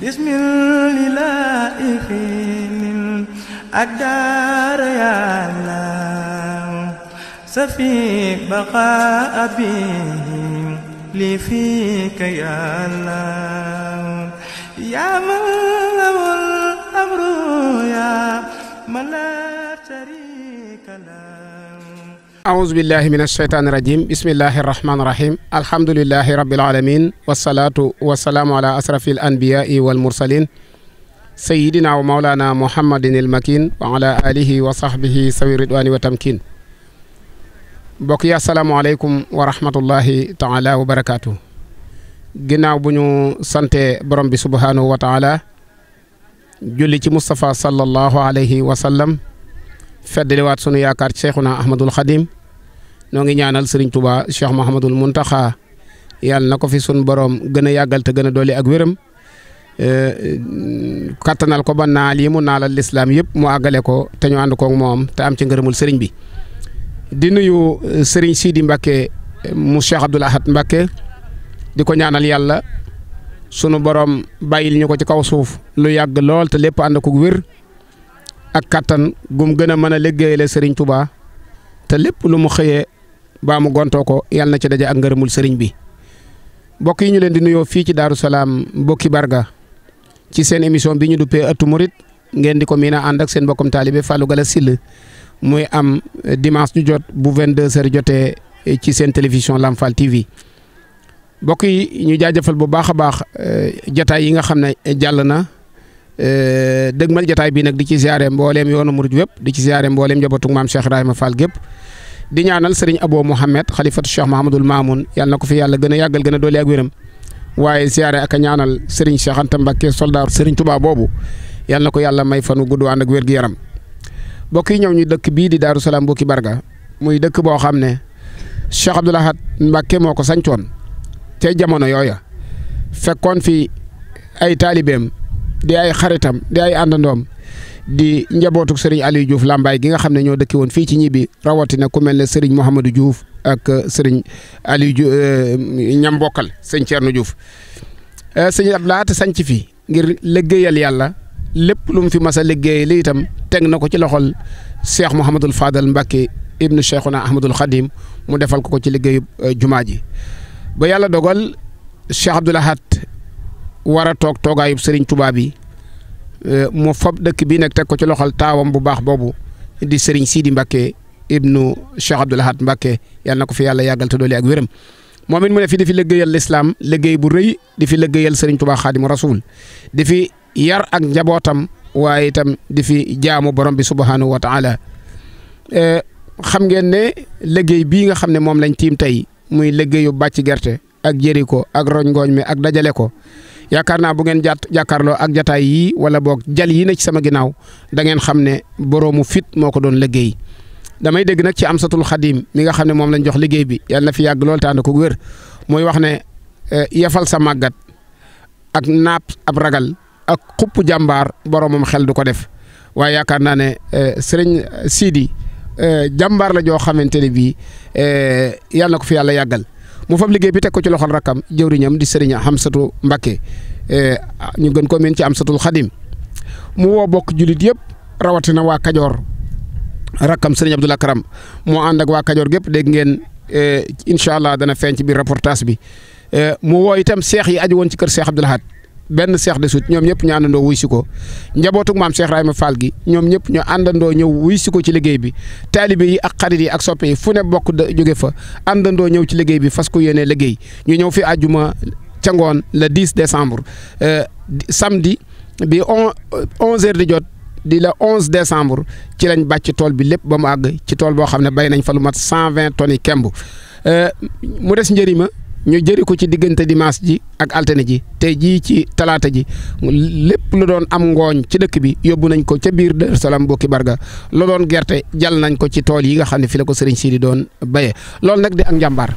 bismillahi fiinil أدار يا الله سفي بقاء أبيهم لي فيك يا الله يا من له الأمر يا من لا شريك aousubillahi min alsheytaani irajim bismillahi arrahmaani irahim alhamdulilahi rabilalamin wasalatu wasalaamu ala asrafi al anbiyai walmoursalin sayidina wa maolana mouhamadin il makin wa ala alihi wa sahbihi sawi ridwani wa tamkin mbokk yi asalaamualeykum wa rahmatullahi taala wa barakaatu ginnaaw bu ñu sante borom bi subhaanahu wa taala julli ci moustapha sallallahu alayhi wa sallam feddaliwaat sunu yaakaar ci cheikhuna ahmadul xadim noo ngi ñaanal sëriñ Touba Cheikh Mouhamadul Mountakha yàlla na ko fi sun boroom gën a yàggal te gën a dolli ak wéram eh, kattanal ko ba naal yi mu naalal lislaam yëpp mu àggale ko te ñu ànd kook moom te am ci ngërëmul sëriñ bi. di nuyu eh, sëriñ Sidi Mbacke mu Cheikh Abdoul Ahad Mbacke di ko ñaanal yàlla sunu borom bàyyil ñu ko ci kaw suuf lu yàgg lool te lépp ànd ko wér ak kattan gum gën a mën a liggéeyale sëriñ tubaa te lépp lu mu xëyee. baa mu gontoo ko yàlla na ci daje ak ngërëmul sëriñ bi mbokk yi ñu leen di nuyoo fii ci Daaru Salaam Boki Barga ci seen émission bi ñu duppee ëttu murit ngeen di ko miina a ànd ak seen mbokkum taalibe Fallou Gala Sill muy am dimanche ñu jot bu 22h jotee ci seen télévision Lamfal TV mbokk yi ñu jaajëfal bu baax a baax eh, jataay yi nga xam ne jàll na eh, dëgmal jataay bi nag di ci ziare mbooleem yoonu murit wépp di ci ziare mbooleem njabootu maam Cheikh Ibrahima gépp di ñaanal sëriñ Abo Mouhamed xalifatu Cheikh Mahamadul Mamoun yàlla na ko fi yàlla gën a yàggal gën a doole ak wéram waaye siyaare ak a ñaanal sëriñ Cheikh Anta Mbacke sëriñ Touba boobu yàlla na ko yàlla may fanu gudd ànd ak wér gi yaram mbokk yi ñëw ñu dëkk bii di Daaru Salaam Boki Barga muy dëkk boo xam ne Cheikh Abdoul Ahad moo ko sancoon te jamono yooya fekkoon fi ay taalibeem di ay xaritam di ay àndandoom di njabootuk sëriñ Aliou Diouf lambaay gi nga xam ne ñoo dëkke woon fii ci ñibbi rawatina ku mel ne sëriñ Mouhamadou Diouf ak euh, sëriñ Aliou Diouf euh, ñam bokkal sëñ Thierno Diouf euh, sëñ Abdou Lahat sanc fi ngir liggéeyal yàlla lépp lu fi mas a li itam teg na ko ci loxol Cheikh Mouhamadul Fadal Mbacke ibnu Cheikhuna Ahmadul Khadim mu defal ko ko ci liggéey jumaa ji ba yàlla dogal Cheikh Abdou Lahat war a toog toogaayub sëriñ Touba bi. Euh, mu fob dëkk bii nag teg ko ci loxol taawam bu baax boobu di sëriñ Sidi Mbacke ibnu Cheikh Abdoul Ahad Mbacke yàlla na ko fi yàlla yàggal te doole ak wéram moom it mu ne fi di fi liggéeyal lislaam liggéey bu rëy di fi liggéeyal sëriñ Tuubaa Xaadimu Rasuul di fi yar ak njabootam waaye itam di fi jaamu borom bi subhaanahu wa taala euh, xam ngeen ne liggéey bii nga xam ne moom lañ tiim tey muy liggéeyu bàcc gerte ak jëri ko ak roñ ngooñ mi ak dajale ko yaakaar naa bu ngeen jàtt jàkkaarloo ak jataay yii wala boog jal yi ne ci sama ginnaaw da ngeen xam ne boroomu fit moo ko doon liggéey damay dégg nag ci Amsatul Xadim mi nga xam ne moom lañ jox liggéey bi yàlla na fi yàgg lool te ànd ko wér mooy wax ne eh, yafal sa màggat ak naap ab ragal ak xupp jàmbaar moom xel du ko def waaye yaakaar naa ne eh, sëriñ Sidi eh, jàmbaar la joo xamante ne bii yàlla na ko fi yàlla yàggal. mu fab liggéey bi teg ko ci loxol rakkam jëwriñam di sëriñ Hamsatu Mbakke ñu gën ko mën ci Hamsatul Xadim mu woo bokk jullit yëpp rawatina waa Kajoor rakkam sëriñ Abdul Akram moo ànd ak waa Kajoor gépp dégg ngeen e, incha allah dana feeñ ci biir reportage bi e, mu woo itam seex yi aju woon ci kër seex Abdul benn seex desut ñoom ñëpp ñu àndandoo wuy si ko njabootug maam Cheikh ma Fall gi ñoom ñëpp ñu àndandoo ñëw wuy si ko ci liggéey bi taalibe yi ak xarit yi ak soppe yi fu ne bokk da jóge fa àndandoo ñëw ci liggéey bi fas ko yéene liggéey ñu ñëw fi àjjuma ca ngoon le 10 décembre euh, samedi bi on 11 euh, heures di jot di la onze décembre ci lañ bàcc tool bi lépp ba mu àgg ci tool boo xam ne bay nañ fa lu mat 120 tonnes yi kemb euh, mu des njëriñ ma ñu jëri ko ci diggante dimanche ji ak altine ji tey jii ci talaata ji lépp lu doon am ngooñ ci dëkk bi yóbbu nañ ko ca biir Darou Salaam Barga lu doon gerte jal nañ ko ci tool yi nga xam ne fi la ko sëriñ di doon béyee loolu nag di ak njàmbaar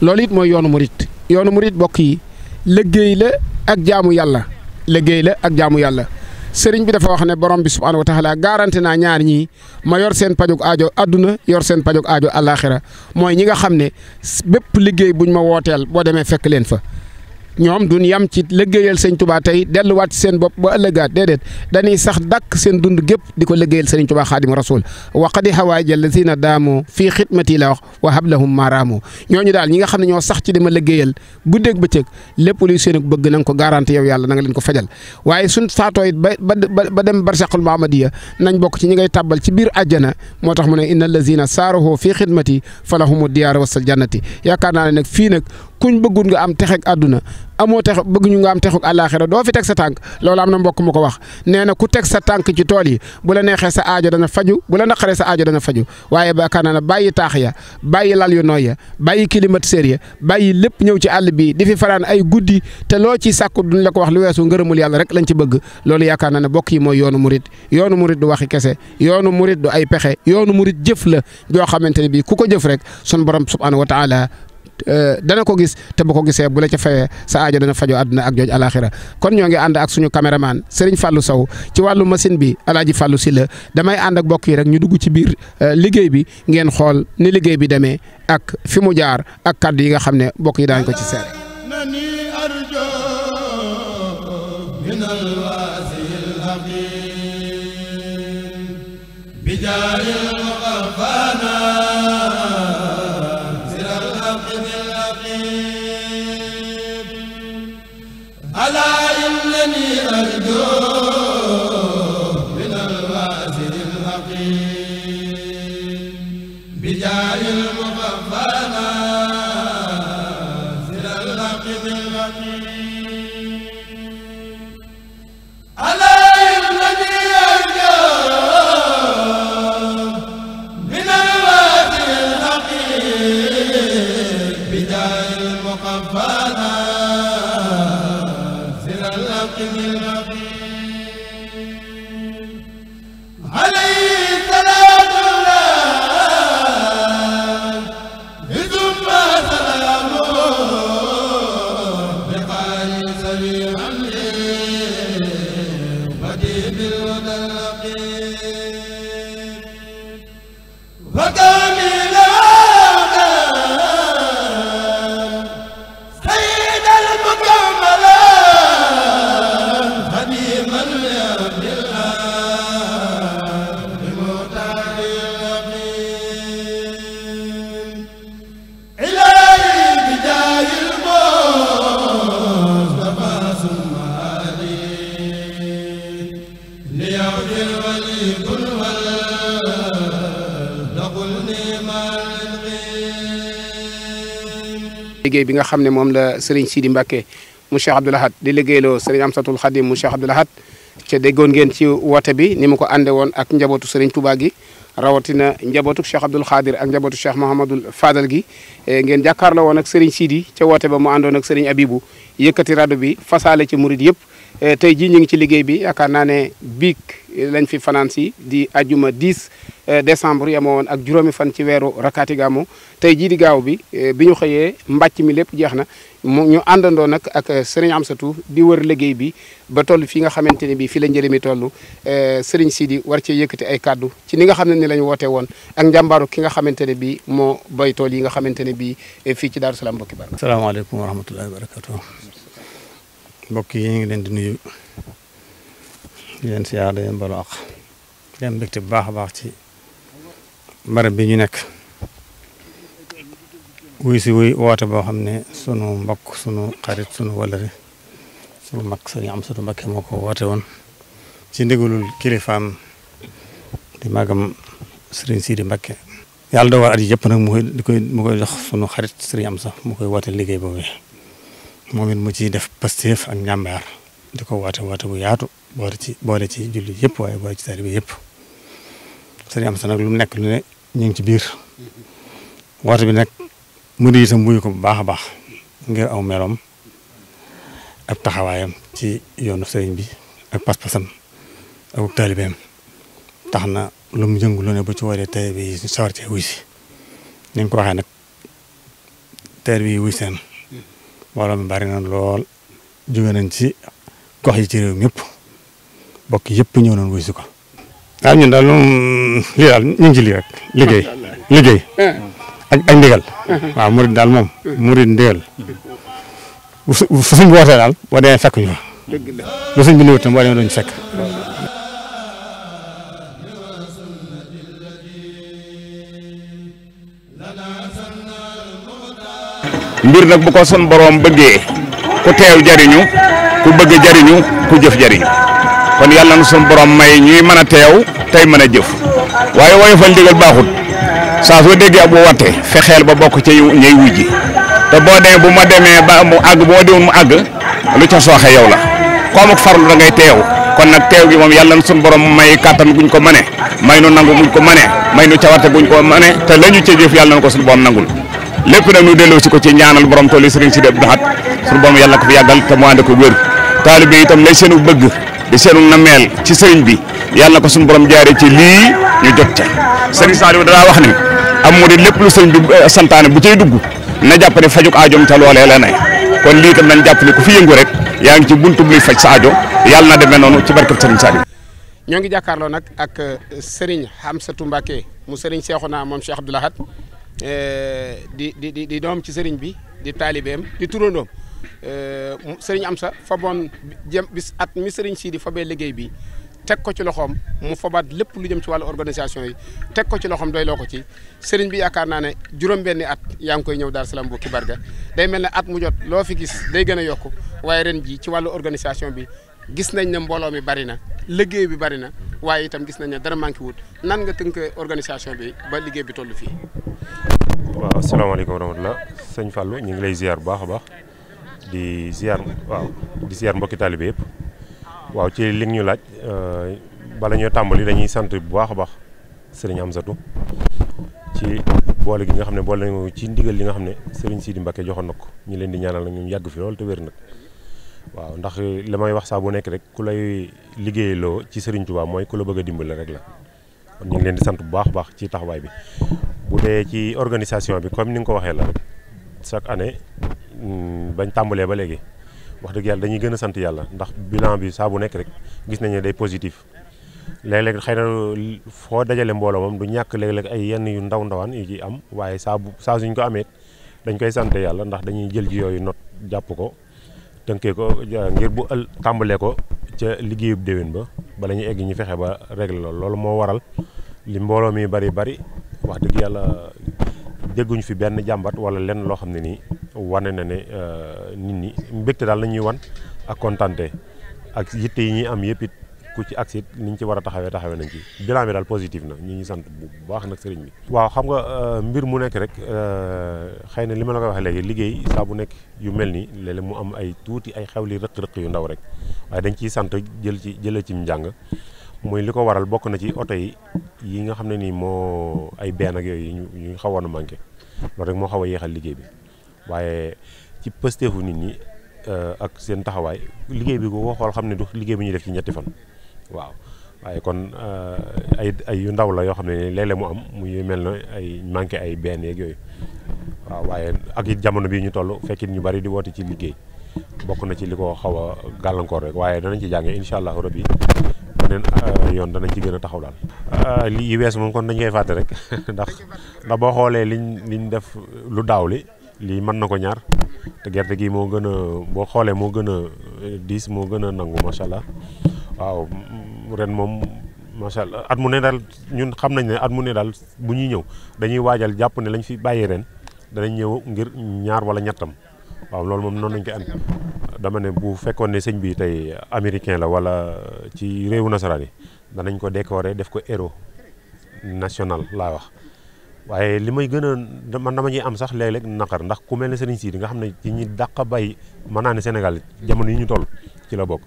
loolu it mooy yoonu murit yoonu murit bokk yi liggéey la ak jaamu yàlla liggéey la ak jaamu yàlla. sëriñ bi dafa wax ne borom bi subhaanahu wa taala garanti naa ñaar ñii ma yor seen pajog aajo adduna yor seen pajog aajo àllaaxira mooy ñi nga xam ne bépp liggéey buñ ma wooteel boo demee fekk leen fa ñoom duñ yam ci liggéeyal sëñ tubaa tey delluwaat seen bopp ba ëllëgaat déedéet dañuy sax dakk seen dund gépp di ko liggéeyal sëriñ tubaa xaadimu rasul wa qadi hawaaj allazina daamo fii xidmati la wax wa hablahum maaraamu ñooñu daal ñi nga xam ne ñoo sax ci dama liggéeyal guddeeg bëccëg lépp luy seen bëgg na ko garanti yow yàlla na leen ko fajal waaye suñ faatoo it ba ba dem barsaqul muhammadiyya nañ bokk ci ñi ngay tàbbal ci biir àjjana moo tax mu ne inna allazina saarahu fii xidmati fa lahumu diyaar wasal jannati yaakaar naa ne nag fii nag kuñ bëggul nga am texeeg àdduna amoo bëgg ñu nga am texeeg àllaaxira doo fi teg sa tànk loolu am na mbokk mu ko wax nee na ku teg sa tànk ci tool yi bu la neexee sa aajo dana faju bu la naqaree sa aajo dana faju waaye baakaar naa ne bàyyi taax ya bàyyi lal yu nooy ya bàyyi climatiseur ya bàyyi lépp ñëw ci àll bi di fi faraan ay guddi te loo ci sàkku duñ la ko wax lu weesu ngërëmul yàlla rek lañ ci bëgg loolu yaakaar naa ne bokk yi mooy yoonu murit yoonu murit du waxi kese yoonu murit du ay yoonu murit jëf la joo xamante ne bii ku ko jëf rek sun borom subhanahu wa taala Euh, dana ko gis te bu ko gisee bu la ci fayee sa aajo dana fajoo àdduna ak jooj alaxira kon ñoo ngi ànd ak suñu caméraman Serigne fallu saw ci wàllu machine bi Alaaji Fallou Sylla damay ànd ak mbokk yi rek ñu dugg ci biir euh, liggéey bi ngeen xool ni liggéey bi demee ak fi mu jaar ak kàddu yi nga xam ne mbokk yi daañ ko ci seet bi liggéey bi nga xam ne moom la Serigne Sidi Mbacke mu Cheikh Abdoul Ahad di liggéeyloo Serigne Amsatul Khadim mu Cheikh Abdoul Ahad ca déggoon ngeen woote bi ni mu ko ànde woon ak njabootu Serigne Touba gi rawatina njabootu Cheikh Abdoul Khadir ak njabootu Cheikh Mouhamadul Fadal gi eh, ngeen jàkkaarloo woon ak Serigne Sidi ca woote ba mu àndoon ak Serigne Abibou yëkkati rajo bi fasaale ci murid yëpp Eh, tey jii ñu ngi ci liggéey bi yaakaar naa biig lañ fi fanaan si di ajuma 10 eh, décembre yemoo woon ak juróomi fan ci weeru rakkaati tey jii di gaaw bi eh, bi ñu xëyee mbàcc mi lépp jeex na mu ñu àndandoo nag ak sëriñ Amsatou di wër liggéey bi ba toll fi nga xamante ne bii fi la njëriñ mi toll sëriñ Sidi war cee yëkkati ay kàddu ci ni nga xam ne ni la ñu woote woon ak njàmbaaru ki nga xamante ne bii moo béy tool yi nga xamante ne bii fii ci Darou Salaam mbokki bar. salaamaaleykum wa rahmatullahi mbokk yi ñu ngi leen di nuyu di leen siyaar di leen balu ak leen mbégte bu baax a baax ci barab bi ñu nekk wuy si wuy woote boo xam ne sunu mbokk sunu xarit sunu walëre sunu mag sunu am sunu mbakke moo ko woote woon ci ndigalul kilifaam di magam sëriñ Sidi Mbakke yàlla doo war at yi yëpp nag mu koy mu koy jox sunu xarit sëriñ am sax mu koy woote liggéey boobu moom it mu ciy def pasteef ak njàmbaar di ko woote woote bu yaatu boole ci boole ci julli yëpp waaye boole ci taalibe yëpp sëriñ am sa nag lu mu nekk lu ne ñu ngi ci biir woote bi nag mu di itam wuyu ko bu baax a baax ngir aw meloom ab taxawaayam ci yoonu sëriñ bi ak pas-pasam ak taalibeem tax na lu mu yëngu lu ne bu ci woolee taalibe yi sawar cee wuy si ni nga ko waxee nag taalibe wuy seen mbooloo mi bari na lool jóge nañ ci gox yi ci réew mi bokk yëpp ñëw nañ wuy ko. waaw ñun daal lii daal ñu ngi rek liggéey liggéey ak ak ndigal waaw murid daal moom murid ndigal fu suñ wootee daal boo demee fekk ñu fa lu suñ bi néew tam boo demee mbir nag bu ko sun boroom bëggee ku jariñu ku bëgg jariñu ku jëf jariñu kon yàlla na sun boroom may ñuy mën a teew tey mën a jëf waaye woyofal ndigal baaxut saa soo déggee ab watte fexeel ba bokk ca ñay wujji te boo dee bu ma demee ba mu àgg bu ma demul mu àgg lu ca sooxe yow la koom ak farlu da ngay teew kon nag teew gi moom yàlla na sun borom may kàttan guñ ko mëne may nu nangu guñ ko mëne may nu cawarte guñ ko mëne te lañu ca jëf yàlla na ko suñu borom nangul lépp nag nu delloo si ko ci ñaanal borom tool yi Serigne Sidi Abdou Lahad suñu borom ko fi yàggal te mu ànd ko wér taalibe itam lay seenu bëgg di seenu nameel ci sëriñ bi yàlla na ko suñu boroom jaaree ci lii ñu jot ca Serigne Saliou danaa wax ne am mu di lépp lu sëriñ bi eh, santaane bu cay dugg na jàpp ne fajuk aajoom te loolee la nay kon lii itam nañ jàpp ko ku fi yëngu rek yaa ngi ci buntu buy faj sa ajo yàlla na demee noonu ci barkeb Serigne Saliou ñoo ngi jàkkaarloo nag ak eh, Serigne Hamsatou Mbacké mu Serigne Cheikhouna moom Cheikh Abdou Lahad Eh, di di di doom ci sëriñ bi di taalibeem di turandoom eh, sëriñ Amsa faboon jëm bis at mi sëriñ Sidi fabee liggéey bi teg ko ci loxoom mu fabaat lépp lu jëm ci wàllu organisation yi teg ko ci loxoom doy loo ko ci sëriñ bi yaakaar naa ne juróom-benni at yaa ngi koy ñëw Darou Salam Boki Barga day mel ne at mu jot loo fi gis day gën a yokk waaye ren ji ci wàllu organisation bi gis nañ ne mbooloo mi bari na liggéey bi bari na waaye itam gis nañ ne dara manqué wut nan nga tënk organisation bi ba liggéey bi toll fii. waaw asalaamaaleykum wa rahmatulah sëñ Fallou ñu ngi lay ziar bu baax a baax di ziar waaw di ziar mbokki taalibe yëpp waaw ci li ñu laaj euh, bala ñoo tàmbali dañuy sant bu baax a baax sëriñ Amsatou ci boole gi nga xam ne boole nañu ci ndigal li nga xam ne sëriñ Sidi Mbacke joxoon na ko ñu leen di ñaanal nag ñu yàgg fi lool te wér nag. waaw ndax li may wax saa bu nekk rek ku lay liggéeyloo ci Serigne Touba mooy ku la bëgg a dimbali rek la mu ngi leen di sant bu baax baax ci taxawaay bi bu dee ci organisation bi comme ni nga ko waxee la rek chaque année mm, bañ tàmbalee ba léegi wax dëgg yàlla dañuy gën a sant yàlla ndax bilan bi saa bu nekk rek gis nañu day positif léeg-léeg xëy na foo dajale mbooloo moom du ñàkk léeg-léeg ay yenn yu ndaw ndawaan yu ci am waaye saabu saa suñ ko amee dañ koy sant yàlla ndax dañuy jël ci yooyu not jàpp ko tënkee ko ngir bu ël tàmbalee ko ca liggéeyub déwén ba bala ñu egg ñu fexe ba régler loolu loolu moo waral li mbooloo mi bari bari wax dëgg yàlla dégguñu fi benn jàmbat wala lenn loo xam ne nii wane na ne euh, nit ñi mbégte daal la ñuy wan ak kontante ak yitte yi ñuy am yëpp ku ci agsi niñ ci war a taxawee taxawee nañ ci bilan bi daal positif na ñu ngi sant bu baax nag sëriñ bi waaw xam nga euh, mbir mu nekk rek euh, xëy na li ma la koy waxee léegi liggéey saa bu nekk yu mel nii mu am ay tuuti ay xewli rëq-rëq yu ndaw rek dañ ciy sant jël ci jëlee ci njàng mooy li ko waral bokk na ci oto yi nga xam ne nii moo ay benn ak yooyu ñu ñu xawoon a manqué loolu moo xaw a yéexal liggéey bi waaye ci pësteefu nit ñi euh, ak seen taxawaay liggéey bi boo xool xam ne du liggéey bi ñuy def ci ñetti fan waaw waaye kon euh, ay ay yu ndaw la yoo xam ne léeg-léeg mu am muy mel na ay manqué ay benn yeeg yooyu waaw waaye ak yi jamono bii ñu tollu fekkit ñu bari di woote ci liggéey bokk na ci li ko xaw a gàllankoor rek waaye danañ ci jàngee incha allah rabbi beneen euh, yoon danañ ci gën a taxaw daal. Euh, li yi wees moom kon dañ koy fàtte rek ndax ndax boo xoolee liñ liñ def lu daaw li lii mën na ko ñaar te gerte gi moo gën a boo xoolee moo gën a diis moo gën a nangu macha allah waaw ren moom macha allah at mu ne daal ñun xam nañ ne at mu ne daal bu ñuy ñëw dañuy waajal jàpp ne lañ fi bàyyee ren danañ ñëw ngir ñaar wala ñettam waaw loolu moom noonu lañ koy am dama fekkoon ne sëñ bi tey américain la wala ci réewu nasaraan yi danañ ko décorer def ko héros national laa wax waaye li may gën a man dama ñuy am sax léeg-léeg naqar ndax ku mel ne Serigne Sidi nga xam ne ci ñu dàq bay mën naa ne Sénégal jamono yi ñu toll ci la bokk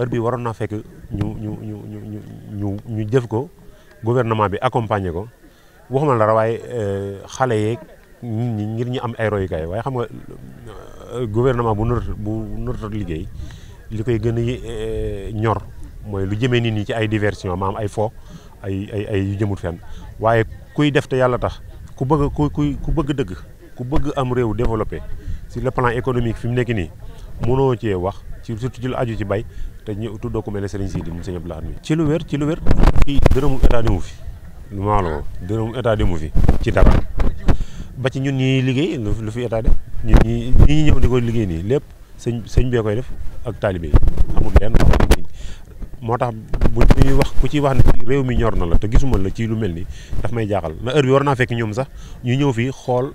heure bi waroon naa fekk ñu ñu ñu ñu ñu ñu jëf ko gouvernement bi accompagner ko waxuma dara waaye euh, xale yeeg nit ñi ngir ñu am ay royukaay waaye xam nga euh, gouvernement bu nër bu nërtat liggéey li koy gën a euh, ñor mooy lu jëmee nit ñi ci ay diversion maam ay fo ay ay ay yu jëmut fenn waaye kuy def te yàlla tax ku bëgg ku ku ku bëgg dëgg ku bëgg am réew développé sur le plan économique fi mu nekk nii mënoo cee wax ci surtout ci lu aju ci bay te ñu tuddoo ko mel ne Serigne Sidi moom sëñ Abdou Lahad ci lu wér ci lu wér fii dërëmu état demu fi maaloo dërëmu état demu fi ci dara ba ci ñun ñi liggéey lu fi état def ñun ñi ñi ñëw di ko liggéey nii lépp sëñ sëñ bee koy def ak taalibe yi moo tax bu ñuy wax ku ci wax ne réew mi ñor na la te gisuma la ci lu mel ni daf may jaaxal na heure bi war naa fekk ñoom sax ñu ñëw fii xool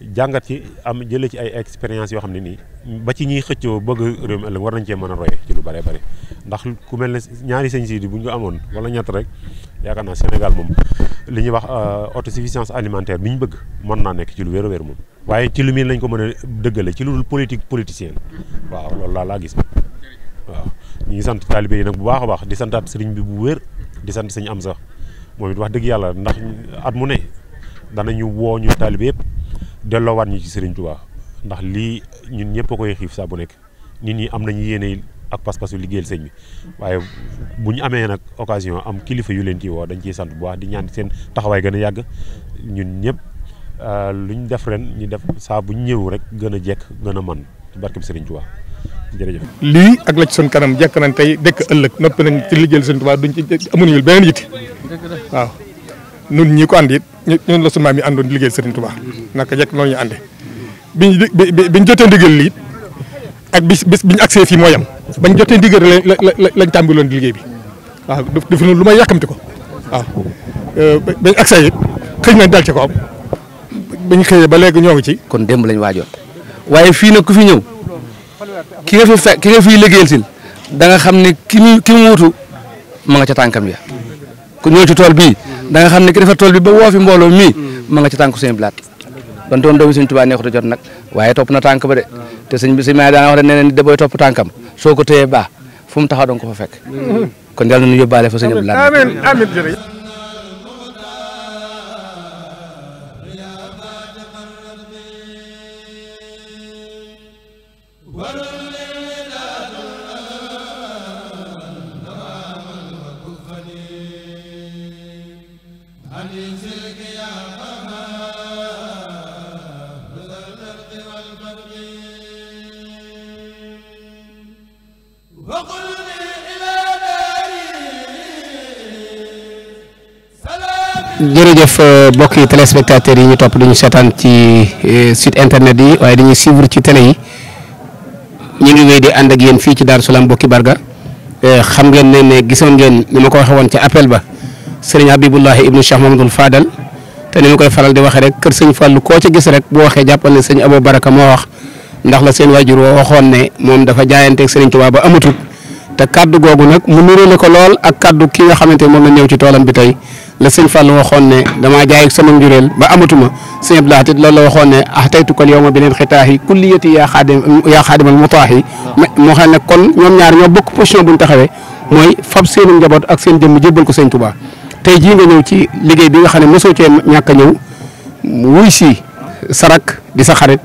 jàngat yi am jëlee ci ay expérience yoo xam ne nii ba ci ñiy xëccoo bëgg réew mi ëllëg war nañ cee mën a roye ci lu bare bare ndax ku mel ne ñaari sëñ Sidi bu ñu ko amoon wala ñett rek yaakaar Sénégal moom li ñuy wax euh, autosuffisance alimentaire bi ñu bëgg mën naa nekk ci lu wér a wér moom. waaye ci lu miin lañ ko mën a dëggale ci lu dul politique politicienne waaw loolu laa laa gis waaw ñu ngi sant taalibe yi nag bu baax a baax di santaat sëriñ bi bu wér di sant sëñ am sax moom it wax dëgg yàlla ndax at mu ne danañu woo ñu taalibe yëpp delloowaat ñu ci Serigne Touba ndax lii ñun ñëpp a koy xiif saa bu nekk nit ñi am nañu yéene ak pas-pasu liggéeyal sëñ bi waaye bu ñu amee nag occasion am kilifa yu leen ci woo dañ ciy sant bu baax di ñaan seen taxawaay gën a yàgg ñun ñëpp euh, lu ñu def ren ñu def saa bu ñu ñëw rek gën a jekk gën a man ci barke bi jërëjëf. lii ak la ci sun kanam jekk nañ tey dëkk ëllëg noppi nañ ci liggéeyal Serigne Touba duñ ci amuñu benn yitte waaw. nun ñii ko ànd it ñun la sunu maam yi àndoon di liggéeyal Serigne Touba naka njëkk noonu ñu ànde biñ biñ jotee ndigal li ak bis bis biñ aksee fii moo yem bañ jotee ndigal la lañ tàmbaloon di liggéey bi waaw du fi lu may yàkkamti ko waaw euh, bañ agsee it xëy dal ci ko am bañ xëyee ba léegi ñoo ngi ci. kon demb lañ waajoon waaye fii nag ku fi ñëw ki nga fi fe ki nga fiy liggéeyal si da nga xam ne ki mu ki mu wutu ma nga ca tànkam ya ku ñëw ci tool bii. da nga xam ne ki defar tool bi ba woo fi mbooloo mii ma nga ci tànku sëñ blaat donte woon doomu sëñ a jot nag waaye topp na tànk ba de te sëñ bi sëñ daana wax ne neen da booy topp tànkam soo ko téyee baax fu mu taxaw danga ko fa fekk kon yàlla nañu yóbbaale fa sëñ blaat amiin jërëjëf euh, mbokki téléspectateurs yi ñu topp dañu seetaan ci euh, site internet yi waaye dañuy suivre ci télé yi ñu ngi wéy di ànd ak yéen fii ci Darou Salam Boki Barga euh, xam ngeen ne ne gisoon ngeen ni ma ko waxee woon ca appel ba sëriñ Habibullahi ibnu Cheikh Mamadul Fadal te ni ma koy faral di waxee rek kër sëñ Fallou koo ci gis rek boo waxee jàppal ne sëñ Abou Baraka moo wax ndax la seen waajur woo waxoon ne moom dafa jaayanteeg sëriñ Tuubaa ba amatut te kaddu googu nag mu niróo la ko lool ak kaddu ki nga xamante moom la ñëw ci toolam bi tey la sëñ Fallou waxoon ne damaa jaay ak sama njureel ba amatuma sëñ Abdou Lahat loolu la waxoon ne ah taytu kal yow ma beneen xitaaxi kulliyati yaa xaadim yaa xaadimal mutaaxi moo xam ne kon ñoom ñaar ñoo bokk position bu ñu taxawee mooy fab seenu njaboot ak seen jëmm jébbal ko sëñ Touba tey jii nga ñëw ci liggéey bi nga xam ne mosoo cee ñàkk a ñëw wuy si sa sarak di sa xarit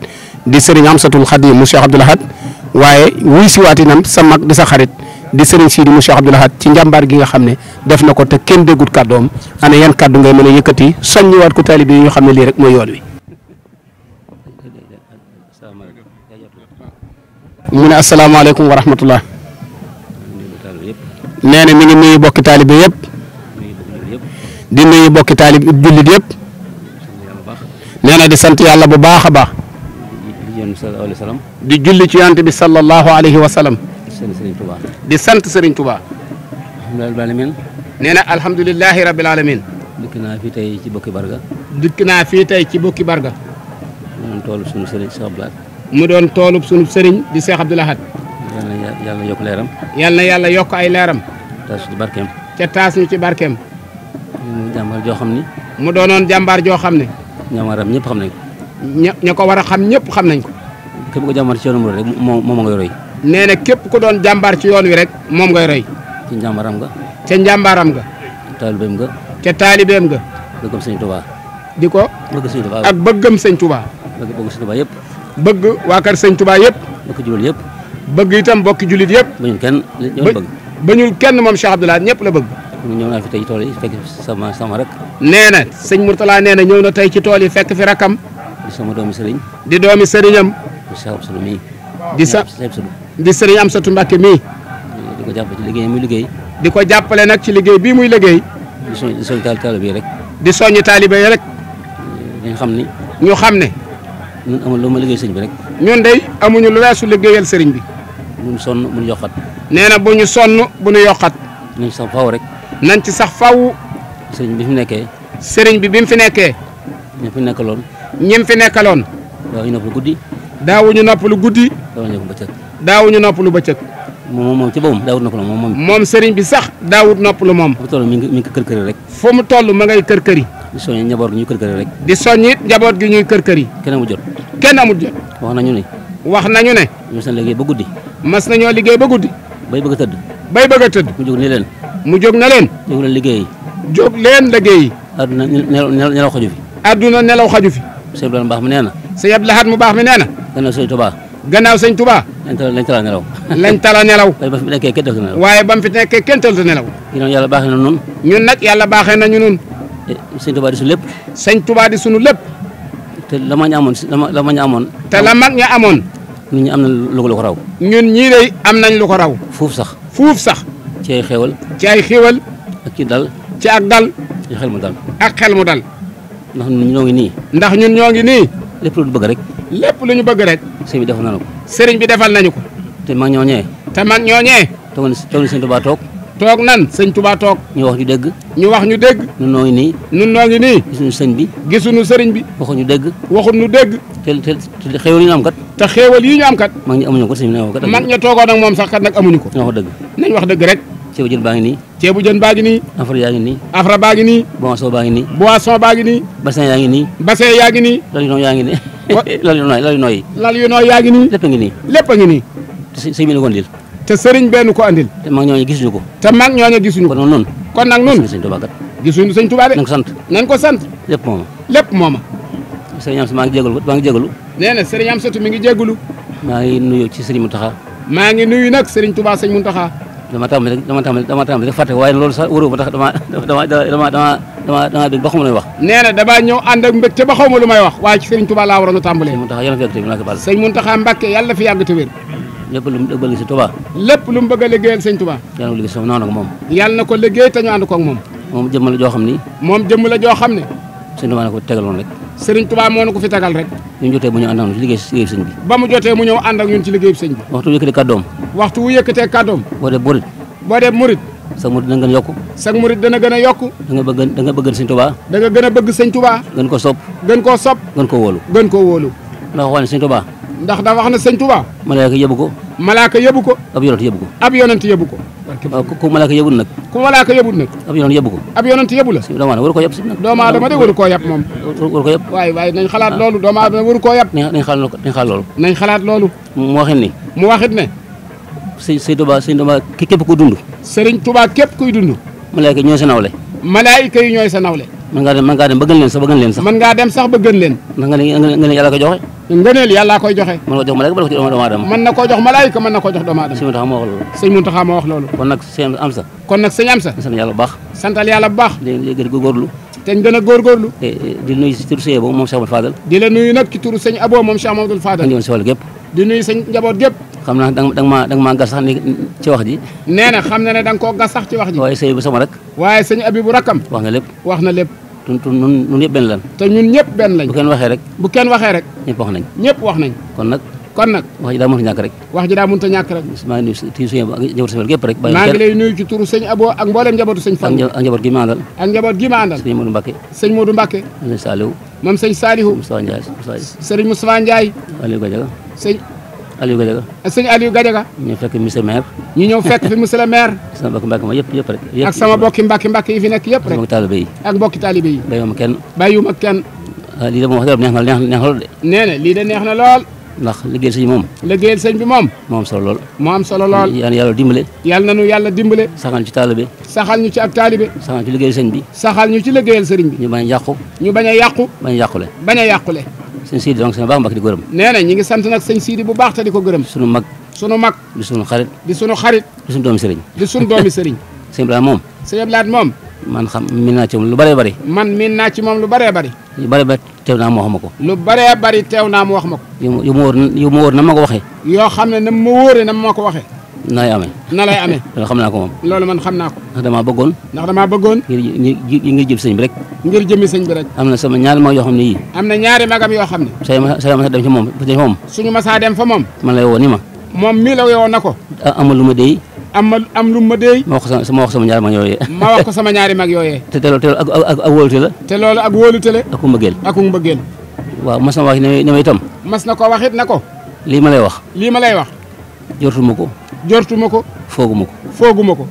di sëriñ Amsatul Xadim mu Cheikh Abdou Lahat waaye wuy si waati nam sa mag di sa xarit di sëriñ Sidi mu Cheikh Abdoul Ahad ci njàmbaar gi nga xam ne def na ko te kenn déggut kàddoom ana yan kàddu ngay mën a yëkkati soññiwaat ko taalibe yi ñu xam ne lii rek mooy yoon wi. mu ne asalaamaaleykum wa rahmatullah nee na mi ngi nuyu bokki taalibe yëpp. di nuyu bokki taalibe jullit yëpp. nee na di sant yàlla bu baax a baax. di julli ci yonent bi sallallahu alayhi wa sallam. sant Serigne Touba. di sant Serigne Touba. nee na alhamdulilahi rabil alamin dikk naa fii tey ci bokki barga. dikk naa fii tey ci bokki barga. mu doon toolub sunu sëriñ Cheikh Abdoul mu doon toolub sunu sëriñ di Cheikh Abdoul Ahad. yal na yàlla leeram. yal yàlla yokk ay leeram. taas ci barkeem. ca taas ñu ci barkeem. mu jàmbaar joo xam ni. mu doonoon jàmbaar joo xam ne. jàmbaaram ñëpp xam nañ ko. ña ña ko war a xam ñëpp xam nañ ko. képp ko jàmbaar ci yoonu murid rek moo nga yoroy. nee na képp ku doon jàmbaar ci yoon wi rek moom ngay roy. ci njàmbaaram nga. ca njàmbaaram nga. ca taalibeem nga. ca taalibeem nga. bëggam sëñ Touba. di ko. bëgg sëñ Touba ak bëggam sëñ Touba. bëgg bëgg sëñ Touba yëpp. bëgg waa kër sëñ Touba yëpp. bëgg jullit yëpp. bëgg itam bokki jullit yëpp. bañul kenn ñëpp bëgg. bañul kenn moom Cheikh Abdoulaye ñëpp la bëgg. ñëw naa fi tey ci tool yi fekk sama sama rek. nee na sëñ Mourtala nee na ñëw na tey ci tool yi fekk fi rakam. di sama doomi sëriñ. di doomi sëriñam. di sa di sa. di sëriñ Amsatu Mbàkke mii. di ko jàppale liggéey muy liggéey. di ko jàppale nag ci liggéey bii muy liggéey. di soññ di rek. di soññ taalibe yi rek. ñu xam ni. ñu xam ne. ñun amul lu ma liggéey sëriñ bi rek. ñun day amuñu lu weesu liggéeyal sëriñ bi. bu ñu sonn bu ñu yokkat. nee na bu ñu sonn bu ñu yokkat. nañ ci sax faw rek. nañ ci sax faw. sëriñ bi fi nekkee. sëriñ bi bi mu fi nekkee. ñu fi nekkaloon. ñi fi nekkaloon. guddi. daawuñu nopp lu guddi. daawuñu noppalu bëccëg. moom moom ci boppam daawut noppalu moom moom. sëriñ bi sax daawut nopp noppalu moom. fu mu toll mi ngi mi ngi kër kër rek. fu mu tollu ma ngay kër kër yi. di soññi njaboot gi ñuy kër kër rek. di soññi njaboot gi ñuy kër kër yi. kenn amul jot. kenn amul jot. wax nañu ne. wax nañu ne. mas nañoo liggéey ba guddi. mas nañoo liggéey ba guddi. bay bëgg a tëdd. bay bëgg a tëdd. mu jóg ne leen. mu jóg na leen. jóg leen liggéey. jóg leen liggéey. adduna nelaw xaju fi. adduna nelaw xaju fi. sëñ Abdou mu baax mi nee na. sëñ Abdou Lahad mu baax mi nee na. gannaaw sëñ gannaaw sëñ Touba. lañ tala nelaw. lañ tala nelaw. waaye ba mu fi nekkee kenn talatu nelaw. waaye ba mu yàlla baaxee na ñun. ñun nag yàlla baaxee na ñu ñun. Eh, sëñ Touba di sunu lépp. sëñ Touba di sunu lépp. la ma amoon si la ma la ma amoon. te la mag ña amoon. ñun ñi am nañ lu ko raw. ñun ñii am nañ lu ko raw. fuuf sax. fuuf sax. ci ay xéwal. ci ay xéwal. ak ci dal. ci ak dal. ci xel mu dal. ak xel mu dal. ndax ñun ñoo ngi nii. ndax ñun ñoo ngi nii. lépp lu ñu bëgg rek lépp lu ñu bëgg rek sëriñ bi defal nañu ko sëriñ bi defal nañu ko te mag ñooñee te mag ñooñee toog na toog na sëñ Touba toog toog nan sëñ Touba toog ñu wax ñu dégg ñu wax ñu dégg nun noo ngi nii nun noo ngi nii gisuñu sëñ bi gisuñu sëriñ bi waxuñu dégg waxuñu dégg te xéewal yi ñu am kat te xéewal yi ñu am kat mag ñi amuñu ko sëñ bi mag ña toogoon ak moom sax kat nag amuñu ko nañ wax dëgg nañ wax dëgg rek ceebu jën baa ngi nii ceebu jën yaa ngi nii afra baa ngi nii boisson baa ngi nii boisson baa ngi nii bassin yaa ngi nii lal yu nooy yaa ngi nii lal yu nooy yaa ngi nii lépp ngi nii lépp ngi nii te sëriñ benn ko andil te mag ñooñu gisuñu ko te mag ñooñu gisuñu ko kon noonu kon nag noonu sëñ Tuubaa kat gisuñu sëñ Tuubaa de nañ ko sant lépp mooma lépp mooma sëriñ Amsa maa ngi jégalu maa ngi jégalu nee na sëriñ Amsatu mi ngi jégalu maa ngi nuyu ci sëriñ Muntaxa maa ngi nuyu nag sëriñ Tuubaa sëñ dama tàmbali dama tàmbali dama tàmbali rek fàtte waaye loolu sax wóorul ma tax dama dama dama dama dama dama dégg ba xaw ma lu may wax nee na damaa ñëw ànd ak mbégte ba xaw ma lu may wax waaye ci Serigne Touba laa waroon a tàmbalee sëñ Mountakha Mbacké yàlla na fi yàgg te wér lépp lu mu bëgg a si Touba lépp lu mu bëgg a liggéeyal sëñ Touba yàlla ko liggéey si noonu ak moom yàlla na ko liggéey te ànd ko moom moom jëmm la joo xam ni moom jëmm la joo xam ne sëñ Touba ne ko tegaloon rek Serigne Touba moo na ko fi tagal rek ñu jotee mu ñëw ànd ak ñun ci liggéey liggéey sëñ bi ba mu jotee mu ñëw ànd ak ñun ci liggéey sëñ bi waxtu wu yëkkatee kàddoom waxtu wu yëkkatee kàddoom boo dee murit boo dee murit sag murit dana gën a yokk sag murit dana gën a yokku da bëgg da nga bëgg sëñ Touba da nga gën a bëgg sëñ Touba gën ko sopp gën koo sopp gën koo wóolu gën koo wóolu ndax wax na sëñ Touba ndax daa wax na sëñ Touba malaaka yóbbu ko malaaka yebu ko ab yonent yëbu ko ab yonent ko waaw ku malaaka yëbul nag ku malaaka yëbul nag ab yonent yëbu ko ab yonent la si doomu aadama waru koo yab si nag doomu aadama de waru koo yab moom waru koo yab waay waay nañ xalaat ah. loolu doomu aadama waru koo yab nañ xalaat nañ xalaat loolu nañ xalaat loolu mu waxit ni mu waxit ne sëñ sëñ Tuubaa sëñ képp kuy dund sëriñ Tuubaa képp kuy dund malaaka yi ñooy sa nawle malaaka yi ñooy sa nawle man ngaa dem man ngaa dem ba gën leen sax ba gën leen sax man ngaa dem sax ba gën leen ndax nga ne nga ne yàlla koy joxe ngëneel yàllaa koy joxe mën na ko jox malaayka mën na ko jox doomu aadama mën na koo jox malaayka mën na koo jox doomu aadama sëñ Muntaxa moo wax loolu sëñ Muntaxa moo wax loolu kon nag sëñ Amsa kon nag sëñ Amsa sant yàlla bu baax santal yàlla bu baax léegi gën a góorgóorlu te ñu gën a góorgóorlu eh, eh, di nuyu ci turu sëñ Abo moom Cheikh Amadou Fadal di la nuyu nag ci turu sëñ Abo moom Cheikh Amadou Fadal di woon si wàllu gépp di nuyu sëñ njaboot gépp xam naa danga maa danga maa gas sax ni ci wax ji nee na xam na ne danga koo gas sax ci wax ji waaye sëñ bi sama rek waaye sëñ Abibu rakkam wax na lépp wax na lépp nun nun ñëpp benn lañ te ñun ñëpp benn lañ bu kenn waxee rek bu kenn waxee rek ñëpp wax nañ ñëpp wax nañ kon nag kon nag wax ji daa mënut a ñàkk rek wax ji daa mënut a ñàkk rek maa ngi nuyu ci suñu njabootu sëñ gépp rek maa ngi lay nuyu ci turu sëñ Abo ak mbooleem njabootu sëñ Fall ak njaboot gi ma àndal ak njaboot gi ma àndal sëñ Modou Mbacké sëñ Modou Mbacké sëñ Saliou moom sëñ Saliou Moustapha Ndiaye sëriñ Moustapha Ndiaye Aliou Gadiaga sëñ Aliou Gadiaga sëñ Aliou Gadiaga ñu fekk monsieur le maire ñu ñëw fekk fi monsieur le maire ak sama bokki mbàkki ma yëpp yi fi nekk yëpp rek taalibe yi ak bokki taalibe yi bàyyiwuma kenn bàyyiwuma kenn ah, lii wax dëgg neex na neex de nee na lii de neex na lool ndax liggéeyal sëñ moom liggéeyal sañ bi moom moo am solo lool moo am solo lool yal na yàlla dimbale yal na nu yàlla dimbale saxal ñu ci taalibe saxal ñu ci ak taalibe saxal ñu ci liggéeyal sëñ bi saxal ñu ci liggéeyal sëriñ bi ñu bañ a yàqu ñu bañ a yàqu bañ a a yàqule sëñ Sidi donc sëñ baax mbak di gërëm nee ñi ngi sant nag sëñ Sidi bu baax te di ko gërëm sunu mag sunu mag di sunu xarit di sunu xarit di sunu doomi sëriñ di sunu doomi sëriñ sëñ Abdoulaye moom sëñ moom man xam miin naa moom lu bëree bëri man miin naa ci moom lu bëree bëri lu bëree bëri teew naa mu wax ma ko lu bëree bëri teew naa mu wax ma ko yu ma wóor yu ma wóor na ma ko waxee yoo xam ne na ma wóore na ma ko waxee na lay amee na lay amee loolu xam naa ko moom loolu man xam naa ko ndax damaa bëggoon ndax damaa bëggoon ngir ngir jëm sëñ bi rek ngir jëmi sëñ bi rek am na sama ñaari mag yoo xam ne yii am na ñaari magam yoo xam ne say say masa dem fa moom dem ma saa suñu masaa dem fa moom man lay woo ni ma moom mii la woo na ko amal lu ma déy am ma am lu ma déy ma wax ko sama ma wax sama ñaari mag yooyee ma wax ko sama ñaari mag yooyee te te loolu ak wóolute la te loolu ak wóolute la aku mbëggeel aku mbëggeel waaw mas na wax ne ma itam mas na ko waxit na ko lii ma lay wax lii ma lay wax jortuma ko jortuma ko. fooguma ko. fooguma ko.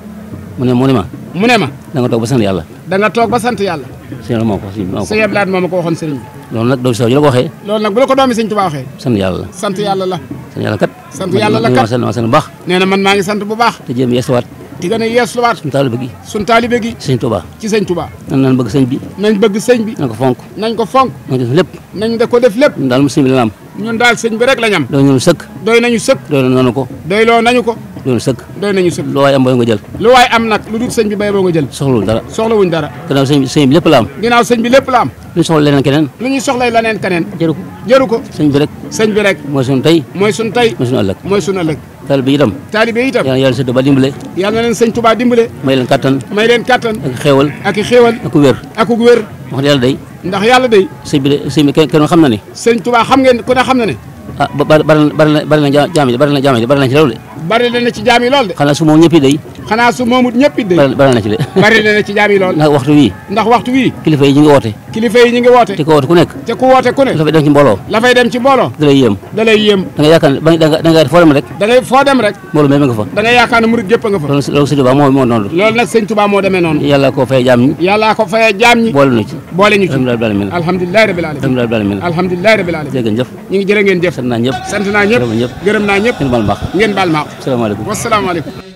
mu ne mu ne ma. mu ne ma. da nga toog ba sant yàlla. da nga toog ba sant yàlla. sëñ bi moo ko wax sëñ bi moo ma ko waxoon sëriñ bi. loolu nag doomi sëriñ la ko waxee. loolu nag bu la ko doomi sëriñ Tuubaa waxee. sant yàlla la sant yàlla la. sant yàlla kat. sant yàlla la kat man sant bu baax. nee na man maa ngi sant bu baax. te jéem yeesuwaat. di gën a yeesuwaat. sunu taalibe gi. sunu taalibe gi. sëñ Tuubaa. ci sëñ Tuubaa. nan nan bëgg sëñ bi. nañ bëgg sëñ bi. nañ ko fonk. nañ ko fonk. nañ ko def lépp. nañ da ko def lépp. daal mu sëñ bi la am ñun daal sëñ bi rek la ñam doy nañu sëkk doy nañu sëkk doy nañu ko doy loo ko doy nañu sëkk doy nañu sëkk lu waay am booy nga jël lu waay am nag lu dul sëñ bi bay boo nga jël soxlawuñ dara soxlawuñ dara gannaaw sëñ bi sëñ bi lépp la am ginnaaw sëñ bi lépp la am lu ñu soxla leneen keneen lu ñuy soxlay leneen keneen jëru ko jëru ko sëñ bi rek sëñ bi rek mooy suñu tey mooy suñu tey mooy suñu ëllëg mooy suñu ëllëg taalibe itam tam itam yàlla sëñ Tuubaa dimbale yàlla na leen sëñ Tuubaa dimbale may leen kattan may leen kattan ak xéewal ak xéewal ak wér ak wér wax yàlla ndax yàlla day sëñ bi de sëñ bi kenn xam na ne sëñ xam ngeen ku ne xam na ne ah bari na bari na jaam yi bari na jaam yi bari na ci loolu de bari na ci jaam yi loolu de xanaa su ma ñëpp day xanaa su moomut ñëpp it de. bari na ci de. bari na ci jaam yi lool. ndax waxtu wii. ndax waxtu wii. kilifa yi ñu ngi woote. kilifa yi ñu ngi woote. te ku woote ku nekk. te ku woote ku nekk. la fay dem ci mbooloo. la fay dem ci mbooloo. da lay yéem. da lay yéem. da ngay yaakaar ne da nga da nga foo dem rek. da ngay foo dem rek. mbooloo mi nga fa. da ngay yaakaar ne murid gépp nga fa. loolu loolu sëñ Tuubaa moo moo noonu. loolu nag sëñ Tuubaa moo demee noonu. yàlla koo fay jaam ñi. yàlla ko fay jaam ñi. boole ñu ci. boole ñu ci alhamdulilah rabbil alamin alhamdulilah rabbil alamin jërë ngeen jëf ñu ngi jërë ngeen jëf sant naa ñëpp sant naa ñëpp gërëm naa ñëpp ngeen baal maax ngeen baal maax wasalaamaaleykum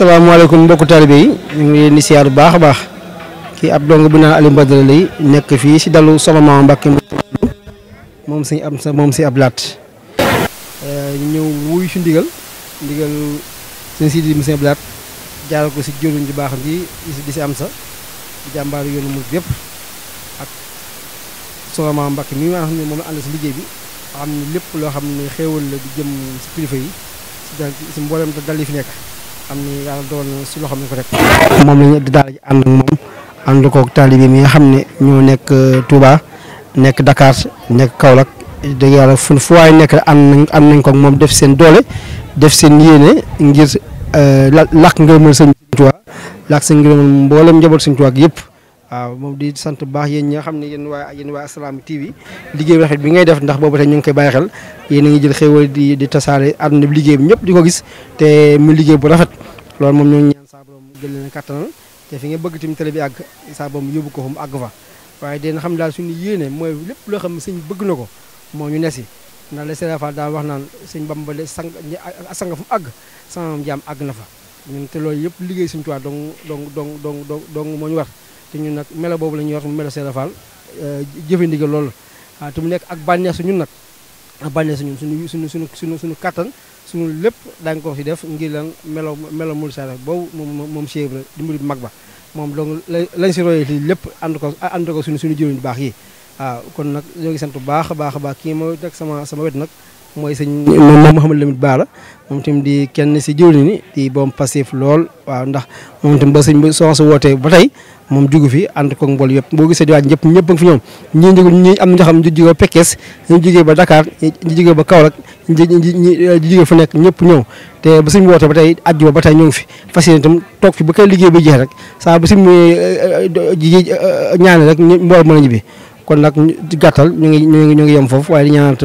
asalaamaaleykum mbokku taalibe yi ñu ngi leen di siyaar bu baax a baax kii ab dong bu naa Aliou Badara lay nekk fii si dalu sama maam Mbàkke moom si am sa moom si ab laat euh, ñëw wuy si ndigal ndigal seen si di monsieur Blaat jaara ko si jëluñ ju baax ji di si am sa di jàmbaaru yoonu mu yëpp ak sama maam Mbàkke mi nga xam ne moom la ànd si liggéey bi xam lépp loo xam ne xéewal la di jëm si kilifa yi si si mboolem dal yi fi nekk xam ni yàlla doon na si loxoom ko rek. moom la ñu daal di ànd ak moom ànd koog taalibe mi nga xam ne ñoo nekk euh, Touba nekk Dakar nekk Kaolack dëgg yàlla fu fu waay nekk ànd nañ ànd nañ koog moom def seen doole def seen yéene ngir euh, làkk ngërëmal sëñ Touba làkk seen ngërëmal mboolem njaboot sëñ Touba yëpp. waaw moom di sant bu baax yéen ñi nga xam ne yéen waa yéen waa Assalaamy TV liggéey bu rafet bi ngay def ndax boobu tey ñu ngi koy bàyyi xel yéen ngi jël xéwal di di tasaare àdduna bi liggéey bi ñëpp di ko gis te mu liggéey bu rafet loolu moom ñoo ñaan saa borom jël leen kattanal te fi nga bëgg tim télé bi àgg saa borom yóbbu ko fa mu àgg fa waaye dina xam daal suñu yéene mooy lépp loo xam ne sëñ bëgg na ko moo ñu nesi ndax la serafa daal wax naan sëñ Bamba de sang sanga fu mu àgg sama jaam àgg na fa ñun te loolu yëpp liggéey suñu tuwaa dong dong dong dong dong moo ñu war te ñun nag melo boobu la ñuy yor melo Serigne Fall euh, jëfe ndigal loolu ah te mu nekk ak bànneex su ñun nag ak bànneesu ñu su suñu suñu suñu suñu kattan suñu lépp daañu ko si def ngir lan melo melo mul sare boobu moom moom Cheikh Ibra dimbali bu mag ba moom doo lañ si royee lii lépp ànd ko ànd ko suñu suñu jëriñ bu baax yi waaw ah, kon nag ñoo ngi sant bu baax a baax a baax kii ma nag sama sama wet nag mooy sëñ moom Mouhamadou Lamine Ba la moom itam di kenn si jëwli di boom passif lool waaw ndax moom itam ba sëñ bi soo sa wootee yëpp boo gisee diwaan ñëpp ñëpp a ngi fi ñoom ba Dakar ñu jógee ba Kaolack ñu jógee ñëpp ñëw te ba suñu woote ba tey àjjuma ba tey ñoo ngi fi fas yéene itam toog fi ba kay liggéey bi jeex rek saa bu suñu ji ñaane rek mbool ñu ngi ñu ngi ñu ngi yem foofu waaye di ñaanal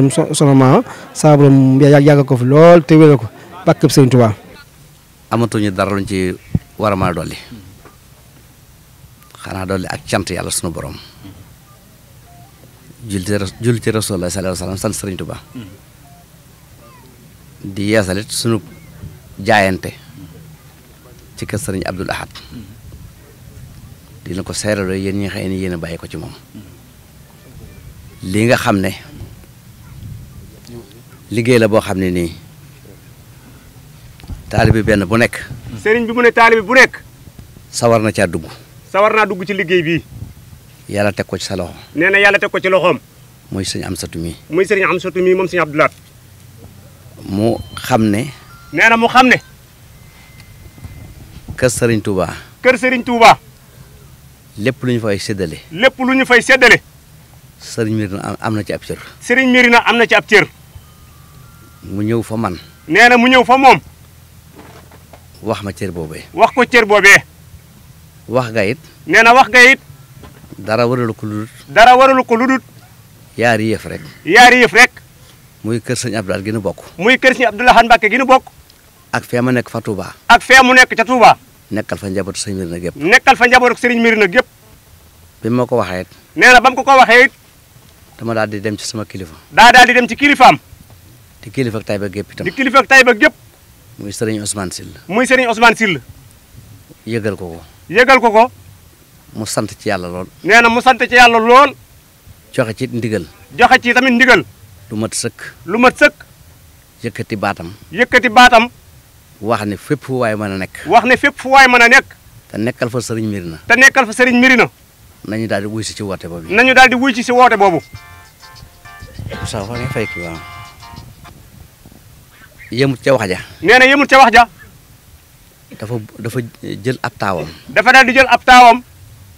ko fi lool te wéral ko bàkkab sëriñ Tuubaa amatuñu dara luñ ci war a mën dolli xanaa dolli ak cant yàlla sunu borom jul ci rasulullah sallallahu alayhi wasallam sant sëriñ di yeesalit sunu jaayante ci kër sëriñ Abdul Ahad dina ko seeraloo yéen ñi nga xam ne yéen a ko ci moom li nga xam ne liggéey la boo xam ne nii taalibi benn bu nekk. sëriñ bi mu ne taalibi bu nekk. sawar na caa dugg. sawar naa dugg ci liggéey bii. yàlla teg ko ci sa loxo. nee na yàlla teg ko ci loxoom. muy sëñ Amsatu mii. muy am Amsatu mii moom sëñ Abdou Lahat. mu xam ne. nee na mu xam ne. kër sëriñ Touba. kër sëriñ Touba. lépp lu ñu fay séddale. lépp lu ñu fay séddale. sëriñ Mirina am na ci ab cër. sëriñ na am na ci ab cër. mu ñëw fa man. nee mu ñëw fa moom. wax ma cer boobee. wax ko cër boobee. wax nga it. nee na wax nga dara waralu ko ludut. dara waralu ko ludut. yaari yëf rek. yaari yëf rek. muy kër sëñ Abdoulaye gi nu bokk. muy kër sëñ Abdoulaye Mbacke gi nu bokk. ak fee ma nekk fa Touba. ak fee mu nekk ca Touba. nekkal fa njabootu sëriñ Mirina gépp. nekkal fa njabootu sëriñ Mirina gépp. bi ma ko waxee it. nee na ko ko waxee it. dama daal di dem ci sama kilifa. daa daal di dem ci kilifam di kilifa ak Taïba gépp itam. kilifa ak gépp. muy sëriñ Ousmane Sill. muy sëriñ Ousmane Sill. yëgal ko ko. yëgal ko ko. mu sant ci yàlla lool. nee na mu sant ci yàlla lool. joxe ci ndigal. joxe ci tamit ndigal. lu mat sëkk. lu mat sëkk. yëkkati baatam. yëkkati baatam. wax ne fépp fu waaye mën a nekk. wax ne fépp fu waay mën a nekk. te nekkal fa sëriñ Mirina. ta nekkal fa sëriñ Mirina. nañu daal di wuy si ci woote boobu. nañu daal di wuy si si woote boobu. yemut ca wax ja. na yemut ca wax ja. dafa dafa jël ab taawam. dafa daal di jël ab taawam.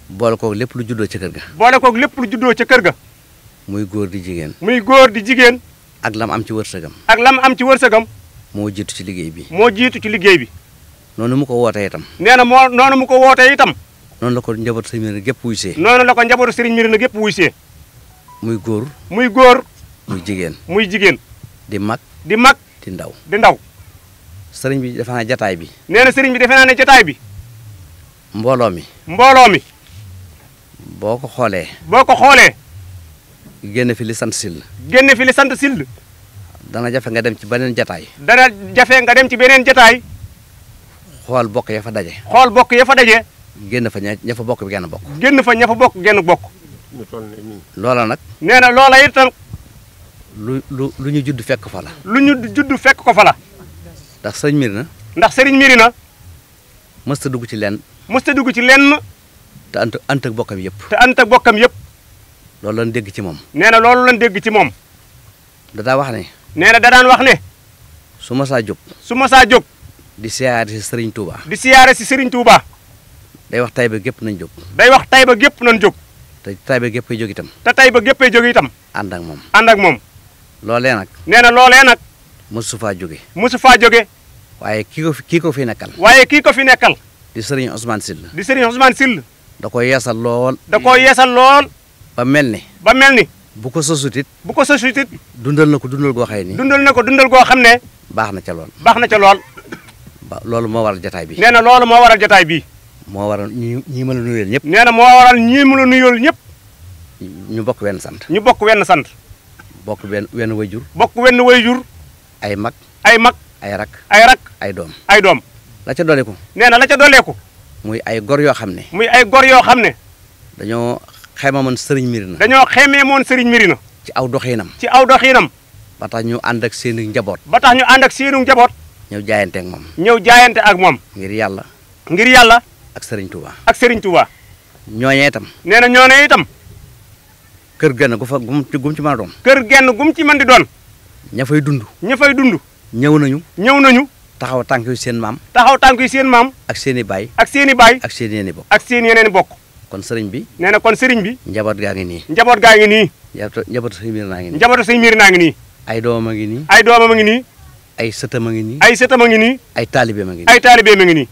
boole koog lépp lu juddoo ca kër ga. boole koog lépp lu juddoo ca kër ga. muy góor di jigéen. muy góor di jigéen. ak lam am ci wërsëgam. ak lam am ci wërsëgam. moo jiitu ci liggéey bi. moo jiitu ci liggéey bi. noonu mu ko wootee itam. nee na moo noonu mu ko wootee itam. noonu la ko njabootu sëriñ Mirina gépp wuysee. noonu la ko njabootu sëriñ Mirina gépp wuysee. muy góor. muy góor. muy jigéen. muy jigéen. di di mag. di ndaw di ndaw sëriñ bi defe naa jataay bi nee na sëriñ bi defe naa ne jataay bi mbooloo mi mbooloo mi boo ko xoolee boo ko xoolee génn fi li sant sill génn fi li sant sill dana jafe nga dem ci beneen jataay dana jafe nga dem ci beneen jataay xool bokk yafa fa daje xool bokk yafa daje génn fa ña fa bokk bi genn bokk génn fa ña bokk genn bokk loola nag nee na loola itam lu lu lu ñu judd fekk fa la. lu ñu judd fekk ko fa la. ndax sëñ na ndax sëriñ na mësta dugg ci lenn. mësta dugg ci lenn. te ant ant ak bokkam yëpp. te ant ak bokkam yëpp. loolu lan dégg ci moom. nee na loolu lañ dégg ci moom. da wax ne. nee na da wax ne. su ma saa jóg. su ma saa jóg. di siyaare si sëriñ Touba. di siyaare si sëriñ Touba. day wax Taïba gépp nañ jóg. day wax Taïba gépp nañ jóg. te Taïba géppay jóg itam. te Taïba géppay jóg itam. ànd ak moom ànd ak moom. loolee nag. nee na loolee nag. mosu faa jóge. mosu faa jóge. waaye kii ko fi ko fi nekkal. waaye kii ko fi nekkal. di sëriñ Ousmane Syll. di sëriñ Ousmane sil da ko yeesal lool. da ko yeesal lool. ba mel ni. ba mel ni. bu ko sosutit bu ko sosutit dundal na ko dundal goo xëy ni dundal na ko dundal goo xam ne. baax na ca lool. baax na ca lool. ba loolu moo waral jataay bi. nee na loolu moo waral jotaay bi. moo waral ñi ñii ma la ñëpp. nee na moo waral ñii ma la nuyul ñëpp. ñu bokk wenn sant. ñu bokk wenn sant. bokk benn wenn wayjur bokk wenn wayjur ay mag ay mag ay rak ay rak ay doom ay doom la ca dooleeku nee na la ca dooleeku muy ay gor yoo xam ne muy ay gor yoo xam ne dañoo xayma moon sëriñ Mirina dañoo xaymee moon sëriñ Mirina ci aw doxiinam ci aw doxiinam ba tax ñu ànd ak seenu njaboot ba ñu ànd ak seenu njaboot ñëw jaayante moom ñëw jaayante ak moom ngir yàlla ngir yàlla ak sëriñ Touba ak sëriñ itam nee na itam kër genn gu fa gum ci gum ci mën a doon. kër genn gum ci doon. ña fay dund. ña fay dund. ñëw nañu. ñëw nañu. taxaw tànk yu seen maam. taxaw tànk yu seen maam. ak seen i baay. ak seen i baay. ak seen yeneen i seen yeneen i kon sëriñ bi. nee na kon sëriñ bi. njaboot gaa ngi nii. njaboot gaa ngi nii. njabootu sëñ miir naa ngi nii. njabootu sëñ miir ngi nii. ay doomam a ngi ni ay doomam a ngi ni ay sëtam a ngi nii. ay sëtam a ngi nii. ay taalibe ma ngi nii. ay taalibe ma ngi nii.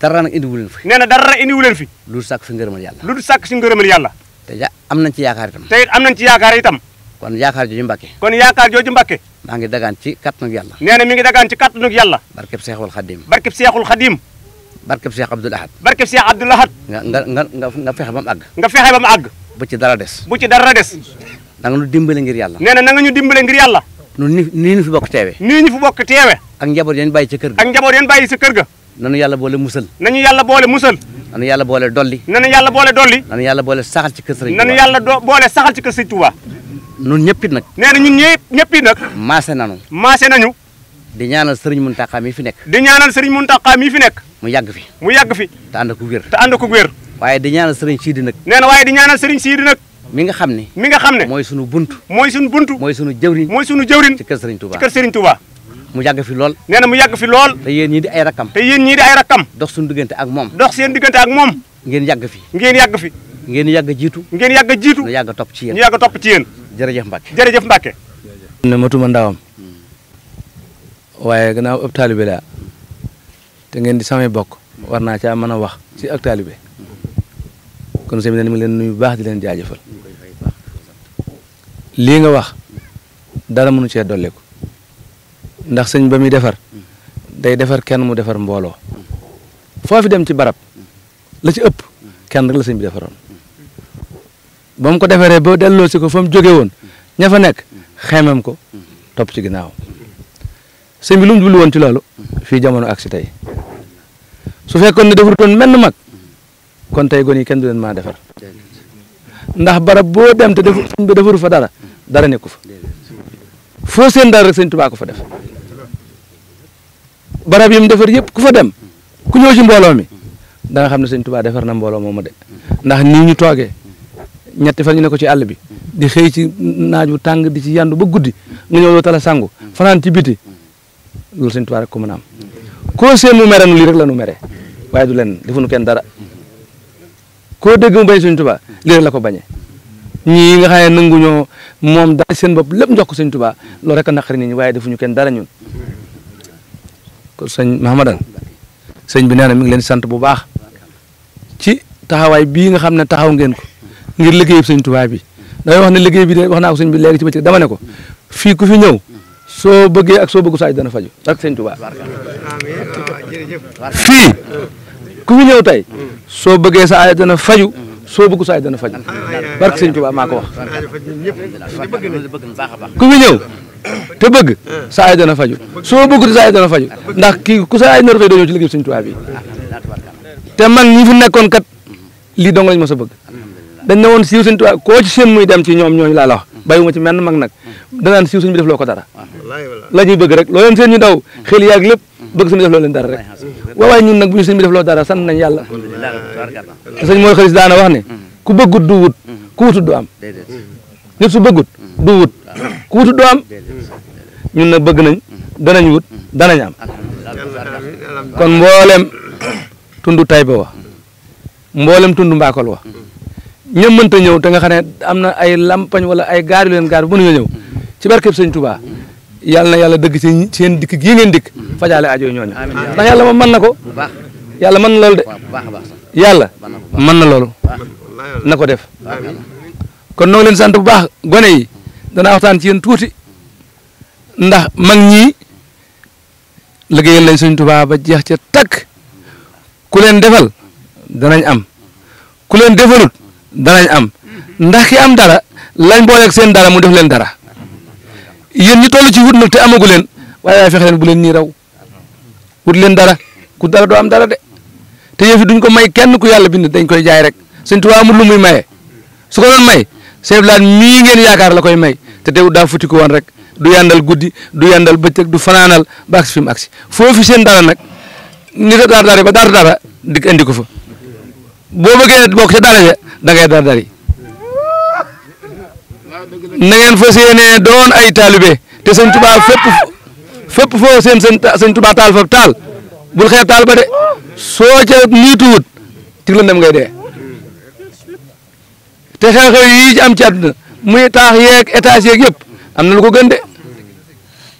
dara nag indiwu leen fi. nee na dara indiwu leen fi. lu sàkk si ngërëmal yàlla. lu sàkk yàlla. te ja am nañ ci yaakaar itam. te it am nañ ci yaakaar itam. kon yaakaar jooju Mbacke. kon yaakaar jooju Mbacke. maa ngi dagaan ci kàttanug yàlla. nee na mi ngi dagaan ci kàttanug yàlla. barkeb Seexul Xadim. barkeb Seexul Xadim. barkeb Seex Abdul Ahad. barkeb Seex Abdul Ahad. nga nga nga nga fexe ba mu àgg. nga fexe ba mu àgg. bu ci dara des. bu ci dara des. na nga ñu dimbale ngir yàlla. nee na na nga ñu dimbale ngir yàlla. ñun nii nii ñu fi bokk teewe. nii ñu fi bokk teewe. ak njaboot yéen bàyyi ca kër ga. ak njaboot yéen bàyyi ca kër ga. nañu yàlla boole musal. nañu yàlla boole musal. nanu yàlla boole dolli nanu yàlla boole dolli nanu yàlla boole saxal ci kër sëriñ nanu yàlla boole saxal ci kër sëriñ Touba nun ñëppit nag na ñun ñëpp ñëppit nag maase nanu maase nañu di ñaanal sëriñ Mountakha mi fi nekk di ñaanal sëriñ Mountakha mi fi mu yàgg fi mu yàgg fi te ànd ko wér te ànd ko wér waaye di ñaanal sëriñ Sidi nag nee na waaye di ñaanal sëriñ Sidi nag mi nga xam ne mi nga xam ne mooy sunu buntu mooy sunu buntu mooy sunu jëwriñ mooy sunu jëwriñ ci kër sëriñ Touba ci kër sëriñ Touba mu yàgg fi lool nee mu yàgg fi lool te yéen ñii di ay rakam te yéen ñii di ay rakam dox suñu diggante ak moom dox seen diggante ak moom ngeen yàgg fi ngeen yàgg fi ngeen yàgg jiitu ngeen yàgg jiitu ñu yàgg topp ci yéen ñu yàgg topp ci yéen jërëjëf Mbacke jërëjëf Mbacke ne matuma ndawam waaye gannaaw ab taalibe laa te ngeen di samay bokk war naa caa mën a wax si ak taalibe kon sëñ na ne mi leen nuyu baax di leen jaajëfal lii nga wax dara mënu cee dolleeku ndax sëñ ba muy defar day defar kenn mu defar mbooloo foofu dem ci barab la ci ëpp kenn rek la sëñ bi defaroon ba mu ko defaree ba delloo si ko fa mu jóge woon ña fa nekk xeemam ko topp ci ginnaaw sëñ woon ci loolu fii jamono ak si tey su fekkoon ne defarutoon menn mag kon tey gon yi kenn du leen maa defar ndax barab boo dem te defu sëñ defaru fa dara dara nekku fa foo seen dara rek sëñ tubaa ko fa def barab yi mu defar yëpp ku fa dem ku ñëw ci mbooloo mi da nga xam ne sëñ Tuubaa defar na mbooloo moomu de ndax nii ñu toogee ñetti fan ñu ne ko ci àll bi di xëy ci naaj wu tàng di ci yandu ba guddi nga ñëw doo tala sangu fanaan ci biti loolu sëñ Tuubaa rek ko mën a am koo seen mu mere nu lii rek la nu mere waaye du leen defuñu kenn dara koo dégg mu bañ sëñ Tuubaa lii rek la ko bañee ñii nga xam ne nanguñoo moom daal seen bopp lépp njox ko sëñ Tuubaa loolu rek a naqari waaye defuñu kenn dara ko sëñ Mahamadan sëñ bi nee na mi ngi leen sant bu baax ci taxawaay bii nga xam ne taxaw ngeen ko ngir liggéey sëñ Tuubaa bi damay wax ne liggéey bi de wax naa ko bi léegi ci bëccëg dama ne ko fii ku fi ñëw soo bëggee ak soo bëggu saaj dana faju ak sëñ Tuubaa tey soo bëggee sa aaj dana faju soo bëggu saaj dana faju barke sëñ Tuubaa maa wax ku ñëw te bëgg hmm. sa ay dana faju soo bëgg sa ay dana faju ndax kii ku sa ay nar fay dañoo ci liggéey Sëñ Tuubaa bi te mag ñi fi nekkoon kat lii dong lañ mos a bëgg dañ ne woon siiw Sëñ Tuubaa ko ci seen muy dem ci ñoom ñooñu laa la wax bàyyiwuma ci menn mag nag danaan siiw sëñ bi def loo ko dara la ñuy bëgg rek loo leen seen ñu daw xel yaag lépp bëgg sëñ bi def loo leen dara rek waawaay ñun nag bu ñu seen bi def loo dara san nañ yàlla te sëñ moo xalis daana wax ne ku bëggut du wut ku ku wutu doo am ñun na bëgg nañ danañ wut danañ am kon mboolem tundu Tayba wa mboolem tundu Mbakol wa ñoom ta ñëw ta nga xam ne am na ay lampañ wala ay gaar yu leen gaar bu mënuñoo ñëw ci barkeb sëñ Touba yàlla na yàlla dëgg seen seen dikk gii ngeen dikk fajaale ajo ñooñu ndax yàlla moom mën na ko yàlla mën na loolu de yàlla mën na loolu na ko def kon noo leen bu baax gone dana waxtaan ci yen tuuti ndax mag ñii liggéeyal lañ Sëñ Tuubaa ba jeex ca takk ku leen defal danañ am ku leen defalut danañ am ndax ki am dara lañ booleeg seen dara mu def leen dara yéen ñi toll ci wut nag te amagu leen waaye waaye fexe leen bu leen ñii raw wut leen dara ku dara doo am dara de te yëf duñ ko may kenn ku yàlla bind dañ koy jaay rek Sëñ Tuubaa amul lu muy maye su ko doon may. Sëñ Abdou Lahad mii yaakaar la koy may te teewul daa futti ko woon rek du yàndal guddi du yàndal bëccëg du fanaanal ba agsi fi mu foofu seen dara nag ni ko daar daari ba daar dara di indi ko fa boo bëggee bokk ca dara ja da ngay daar dari na ngeen fas yéenee doon ay taalibe te sëñ Tuubaa fépp fépp foo seen seen sëñ Tuubaa taal fa taal bul xeeb taal ba de soo ca niituwut ci la dem ngay dee. te xew-xew yi am ci àdduna muy taax yeeg étage yeeg yëpp am na lu ko gën de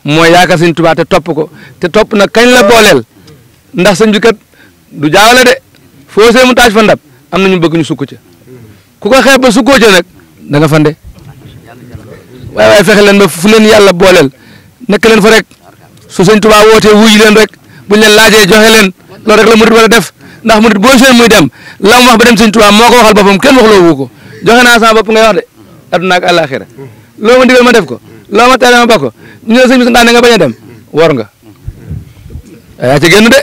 mooy yaakaar sëñ Tuubaa te topp ko te topp nag kañ la booleel ndax sëñ bi du jaawale de foose see mu taaj fa am na ñu bëgg ñu sukk ca ku ko xeeb ba sukkoo ca nag da nga fande waaye waaye fexe leen ba fu leen yàlla booleel nekk leen fa rek su sëñ Tuubaa wootee wuyu leen rek bu leen laajee joxe leen loolu rek la murit war a def ndax murit boo seen muy dem la mu wax ba dem moo ko waxal boppam kenn waxloo wu ko joxe naa sama bopp ngay wax de adduna ak àllaaxira loo ma digal ma def ko loo ma tere ma ba ko ñu ne sëñ nga bañ dem war nga yaa ci génn de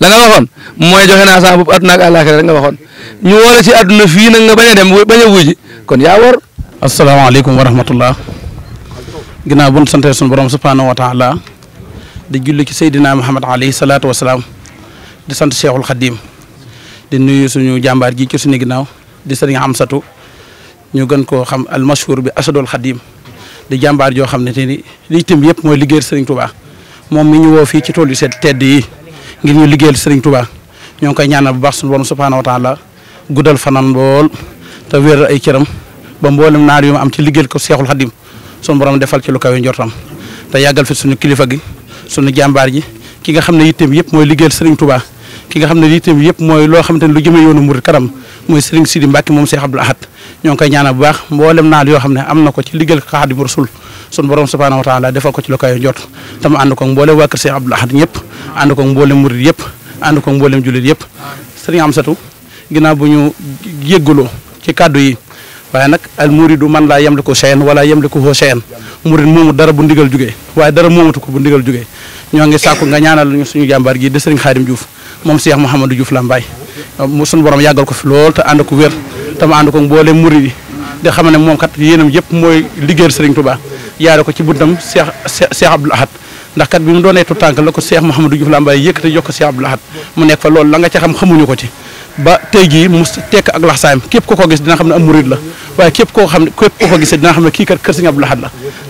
la nga waxoon mooy joxe naa sama bopp adduna ak àllaaxira rek nga waxoon ñu woole si adduna fii nag nga bañ dem bañ a wuuji kon yaa war asalaamaaleykum wa rahmatullah ginnaaw bu ñu santee suñu borom subhaanahu wa taala di julli Seydina Muhammad alayhi salaatu wa salaam di sant Cheikhul Khadim nuyu suñu jàmbaar gi ci suñu ginnaaw di sëriñ Amsatu ñu gën koo xam al mashhur bi asadul xadim di jàmbaar joo xam ne te ni li yëpp mooy liggéeyal Serigne Touba moom mi ñu woo fii ci tool yu set tedd yi ngir ñu liggéeyal Serigne Touba ñoo ngi koy ñaanal bu baax suñu borom subhaanahu wa taala guddal fanaan lool te wéeral ay cëram ba mboolem naar yu am ci liggéeyal ko seexul xadim suñu borom defal ci lu kawe njortam te yàggal fi suñu kilifa gi suñu jàmbaar ji ki nga xam ne itam yëpp mooy liggéeyal Serigne Touba ki nga xam ne itam yëpp mooy loo xamante ne lu jëmee yoonu murid kanam mooy Serigne Sidi Mbacke moom Cheikh Abdoul Ahad ñoo ngi koy ñaana bu baax mboolem naal yoo xam ne am na ko ci liggéeyal Xaadimu Rasuul sun borom subhaanahu wa taala defal ko ci lu koy jot tam ànd ko yëpp ànd ko mboolem jullit yëpp sëriñ Amsatu ginnaaw bu ñu yëggaloo ci kàddu yi waaye nag al muridu man laa yemliku shay'an wala yemlikuhu shay'an murid moomu dara bu ndigal jugee waaye dara moomatu ko bu jugee ñoo ngi sàkku nga ñaanal ñu suñu jàmbaar gi di sëriñ Xaadim Diouf moom Seex Mouhamadou Diouf Lambaye suñu borom yàggal ko fi lool te ànd ko wér te ma ànd ko mboolem murid yi di xam ne moom kat yéenam yëpp mooy liggéeyal Serigne Touba yaare ko ci buntam Cheikh Cheikh Abdoul ndax kat bi mu doonee tutànk la ko Cheikh Mouhamadou Diouf Lambaye yëkkate jox ko Cheikh Abdoul Ahad mu nekk fa loolu la nga ca xam xamuñu ko ci ba tey jii mu tekk ak laxsaayam képp ko ko gis dina xam ne am murid la waaye képp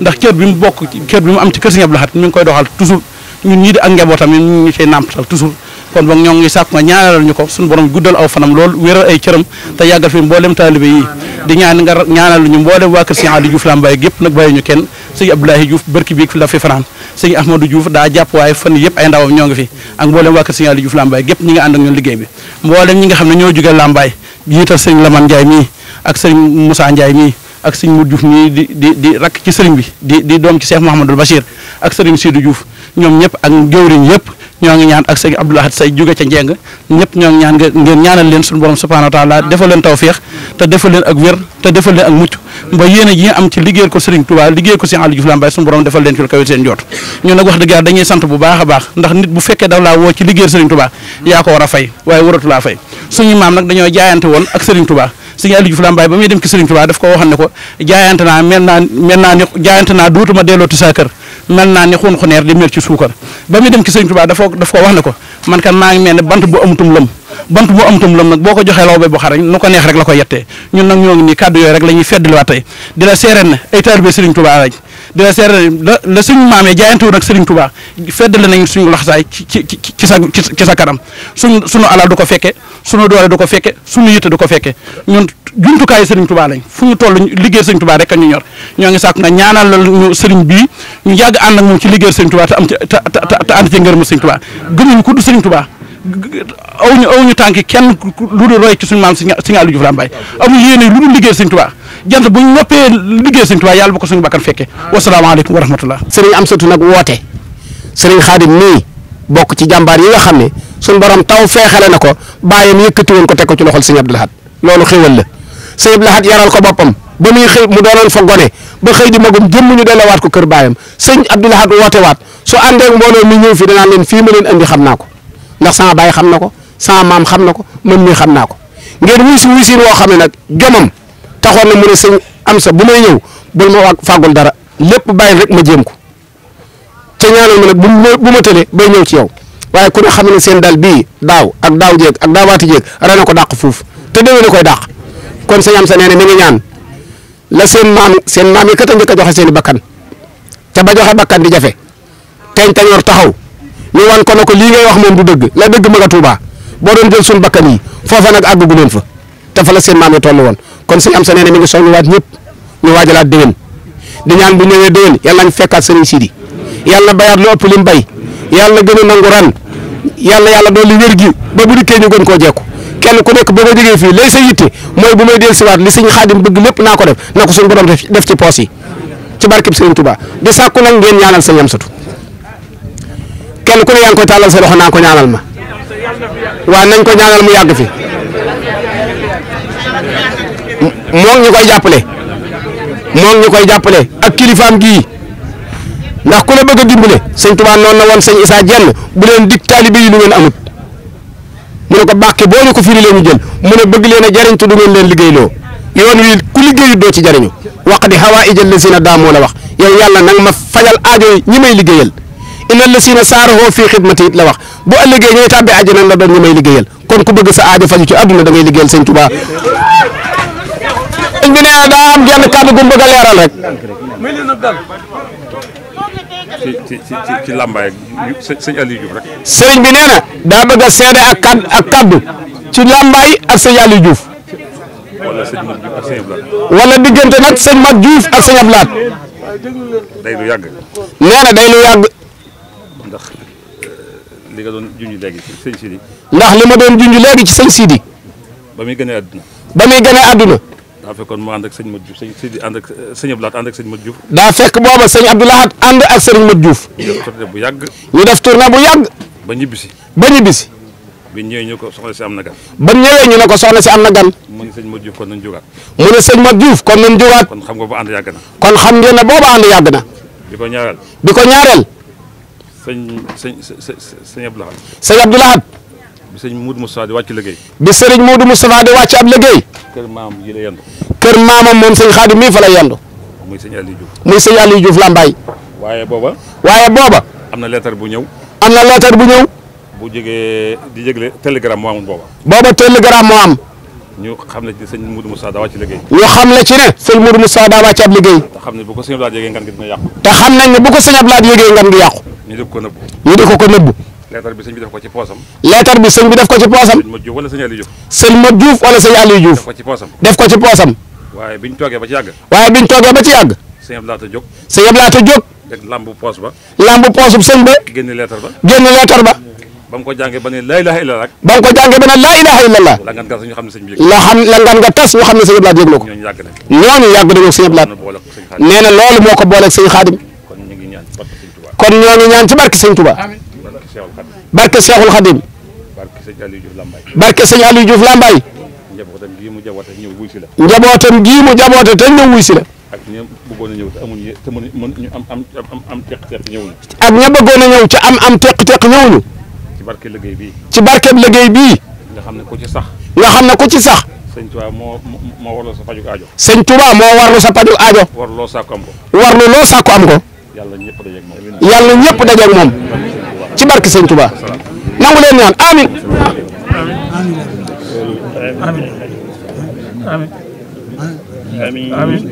ndax kër bi mu bokk kër bi mu am ci kër Serigne Abdoul Ahad mi ngi koy doxal toujours ñii di ak njabootam ñu ñu koy nàmpatal toujours kon boog ñoo ngi sàkk nga ñaanalal ko suñu borom guddal aw fanam lool wéral ay cëram te yàggal fi mboolem taalibe yi di ñaan ñaanal ñu mboolem waa kër Serigne Aliou Diouf Lambaye gépp nag bàyyi ñu kenn Serigne Abdoulaye Diouf barki biig fi la fi fanaan Serigne daa jàpp waaye fan yëpp ay ndawam ñoo ngi fi ak mboolem waa kër Serigne Aliou Diouf Lambaye gépp ñi nga ànd ak ñun liggéey bi mboolem ñi nga xam ne ñoo jóge Lambaye jiital Serigne Lamane Ndiaye mii ak Serigne Moussa Ndiaye mii ak sëñ mu Diouf mii di di di rakk ci sëriñ bi di di doom ci seex Cheikh Mouhamadul Bachir ak sëriñ Sidou Diouf ñoom ñëpp ak jëwriñ yëpp ñoo ngi ñaan ak sëñ Abdoul Ahad say jóge ca njeng ñëpp ñoo ngi ñaan leen suñu borom subhanahu wa taala defal leen tawféex te defal leen ak wér te defal leen ak mucc ba yéen a yi am ci liggéeyal ko Serigne Touba liggéeyal ko Serigne Aliou Diouf Lambaye suñu borom defal leen ci lu kawe seen joot ñun nag wax dëgg yàlla dañuy sant bu baax a baax ndax nit bu fekkee daw laa woo ci liggéeyal Serigne Touba yaa ko war a fay waaye waratu laa fay suñu maam nag dañoo jaayante woon ak Serigne Touba Serigne Aliou Diouf Lambaye ba muy dem ci Serigne Touba daf ko waxoon ko jaayante naa mel naa mel naa ni naa dootuma delloo ci sa kër mel naa ne xunxuneer di mel ci suukar ba muy dem ci sëñ Tuubaa dafa daf ko wax ne ko man kan maa ngi mel ne bant bu amutum lëm bant bu amutum lëm nag boo ko joxee law ba bu xarañ nu ko neex rek la koy yettee ñun nag ñoo ngi nii sa ci sa kanam suñ suñu alal du ko fekke suñu doole du ko fekke suñu yitte du ko fekke ñun jumtukaayu sëriñ Tuubaa lañ fu ñu toll liggéey sëriñ Tuubaa rek a ñu ñoo ngi sàkk nga ñaanal ñu sëriñ bii ñu yàgg nga ànd ak moom ci liggéeyal sëñ Tuubaa te am ci te te ànd ci ngërëmu gëmuñu ku du sëñ Tuubaa awuñu awuñu tànk kenn lu dul roy ci suñu maam sëñ Aliou Diouf Lambaye amul yéene lu dul liggéeyal sëñ Tuubaa jant bu ñu noppee liggéeyal sëñ Tuubaa yàlla bu ko suñu bakkan fekkee wasalaamaaleykum wa rahmatullah sëriñ am satu nag woote sëriñ Xaadim nii bokk ci jàmbaar yi nga xam ne suñu borom taw feexale na ko bàyyam yëkkati woon ko teg ko ci loxol sëñ Abdul Ahad loolu xéwal la sëñ Abdul Ahad yaral ko boppam ba muy xëy mu doonoon fa gone ba xëy di magum jëmm ñu waat ko kër baayam sëñ Abdou Lahad woote waat su àndeek mbooloo mi ñëw fii danaan leen fii ma leen andi xam naa ko ndax sama baay xam na ko sama maam xam na ko man mii xam naa ko ngeen wuy si wuy si woo xam ne nag jomam taxoon na mu ne sëñ am sa bu may ñëw bul ma fàggul dara lépp bàyyi rek ma jéem ko ca ñaanal ma nag bu ma bu ma tëlee bay ñëw ci yow waaye ku ne xam ne seen dal bii daaw ak daaw jéeg ak daawaati jéeg rana ko dàq fuuf te déwén na koy dàq kon sëñ am sa nee na ngi ñaan la seen maam seen maam yi kat a njëkk a joxe seeni i bakkan te ba joxe bakkan di jafe teñ tañoor taxaw ñu wan ko ne ko lii nga wax moom du dëgg la dëgg ma nga Tuuba boo doon jël suñu bakkan yi foofa nag àggagu leen fa te fa la seen maam yi toll woon kon suñu am sa nee mi ngi soññuwaat ñëpp ñu waajalaat déwén di ñaan bu ñëwee déwén yàlla ñu fekkaat sëriñ Sidi yàlla bayaat lu ëpp lim bay yàlla gën a nangu ran yàlla yàlla doon li wér gi ba bu dikkee ñu gën koo jekku kenn ku nekk boo ma jógee fii lay sa yitte mooy bu may dellusiwaat li sëñ xaadim bëgg lépp naa ko def na ko suñu borom def ci poos yi ci barkeb sëriñ Touba di sàkku nag ngeen ñaanal sëñ Amsatu kenn ku ne yaa ko koy tàllal sa loxo naa ko ñaanal ma waaw nañ ko ñaanal mu yàgg fi moom ñu koy jàppale moo ñu koy jàppale ak kilifaam gii ndax ku la bëgg a dimbale sëñ Touba noonu na woon sëñ Issa Dieng bu leen dig taalibe yi lu ngeen amut. mu ne ko bàkke boo ñu ko firi leen ñu jël mu ne bëgg leen a jariñ te du ngeen leen liggéeyloo yoon wi ku liggéeyu doo ci jariñu waq di xawaa ijal lazina daamoo la wax yow yàlla nag ma fajal aajo ñi la liggéeyal illa lazina saarahoo fii xidmati it la wax boo bu ëllëgee ñooy tàbbi àjjana la doon ñi may liggéeyal kon ku bëgg sa aajo faju ci àdduna da ngay liggéeyal sëñ Tuubaa bi nee na daa am jenn kàddu gu mu bëgg a leeral rek ci ci ci sëñ Aliou rek. sëriñ bi nee na daa bëgg a seede ak kad ak kaddu ci làmbaay ak sëñ Aliou Diouf. wala sëñ diggante nag sëñ Mat Diouf ak sëñ Ablaat. day lu yàgg. nee na day lu yàgg. ndax euh, li nga doon junj léegi ci sëñ Sidi. ndax li ma doon junj léegi ci sëñ Sidi. ba muy gënee àdduna. ba muy daa fekkoon mu ànd ak sëñ Modou Diouf sëñ Sidi ànd ak euh, sëñ Abdou Lahad ànd ak sëñ Modou Diouf. daa fekk booba sëñ Abdou Lahad ànd ak sëñ Modou Diouf. ñu def tournée bu yàgg. ñu def tournée bu yàgg. ba ñibbisi. ba ñibbisi. bi ñëwee ñu ko soxna si am na gan. ba ñëwee ñu ne ko soxna si am na mu ne sëñ Modou Diouf kon nañ jógaat. mu ne sëñ Modou kon nañ jógaat. kon xam nga ànd yàgg kon xam ngeen ne booba ànd yàgg na. di ko ñaareel. di ko ñaareel. sëñ sëñ sëñ Abdou Lahad. bi sëñ Moudou Moustapha di wàcc liggéey. bi sëriñ Moudou Moustapha di ab liggéey. kër maam yi la yendu kër maamam moom sëñ xaadim mii fa la yendu muy sëñ Aliou Diouf muy waaye booba waaye booba am na leetar bu ñëw am na leetar bu ñëw bu jógee di jégle télégramme moo amul booba booba télégramme moo am ñu xam ne ci sëñ Moudou Moussa daa wàcc liggéey ñu xam ne ci ne sëñ Moudou Moussa daa wàcc ab liggéey te xam ne bu ko sëñ Abdoulaye yégee ngan gi dina yàqu ngan gi yàqu ñu di ko ko nëbbu leetar bi sëñ bi def ko ci poosam. leetar bi sëñ bi def ko ci def ko ci poosam. waaye biñ toogee ba ci yàgg. waaye biñ toogee ba ci poosub sëñ ba. génn leetar ba. génn ko jàngee ba ne laa ilaha la ngan nga tas ñu xam ne sëñ bi yëg. la xam la ngan nga tas ñu xam ne nee na loolu moo ko booleeg Xaadim. kon ñoo ngi ñaan barke sëñ Touba. barke Seexul Xadim barke sëñ Aliou Diouf Lambaye barke sëñ Aliou Diouf Lambaye njabootam gii mu jaboote ñëw wuy si la njabootam gii mu jaboote te ñëw wuy si la ak ña bëggoon a ñëw te amuñu te mën ñu am am am am teq-teq ñëwuñu ak ña bëggoon a ñëw ci am am teq-teq ñëwuñu ci barke liggéey bii ci barke liggéey bii nga xam ne ku ci sax nga xam ne ku ci sax sëñ Touba moo moo warloo sa paju aajo sëñ Touba moo warlu sa paju aajo warloo sàkku am ko warlu loo sàkku am ko yàlla ñëpp dajeeg moom yàlla ñëpp ci barke sëñ nangu leen ñaan amin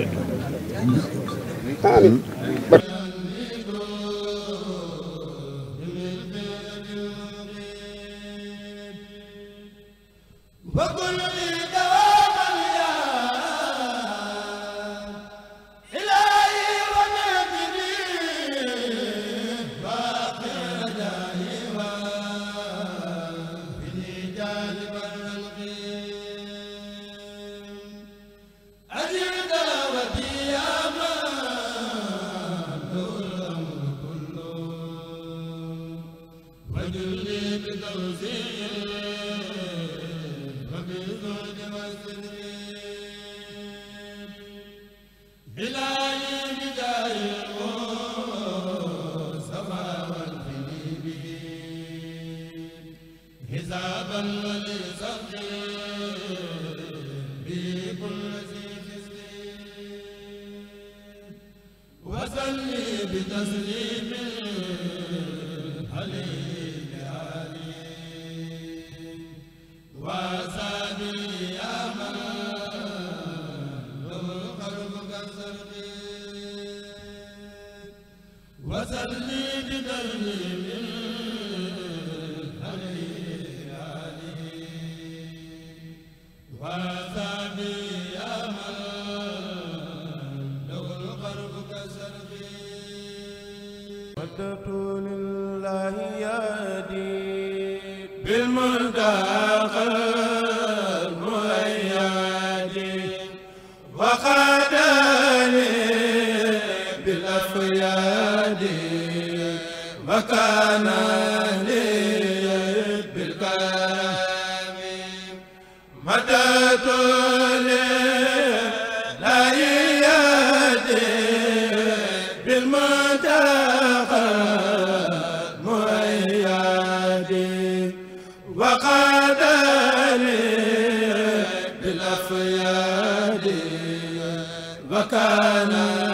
wakana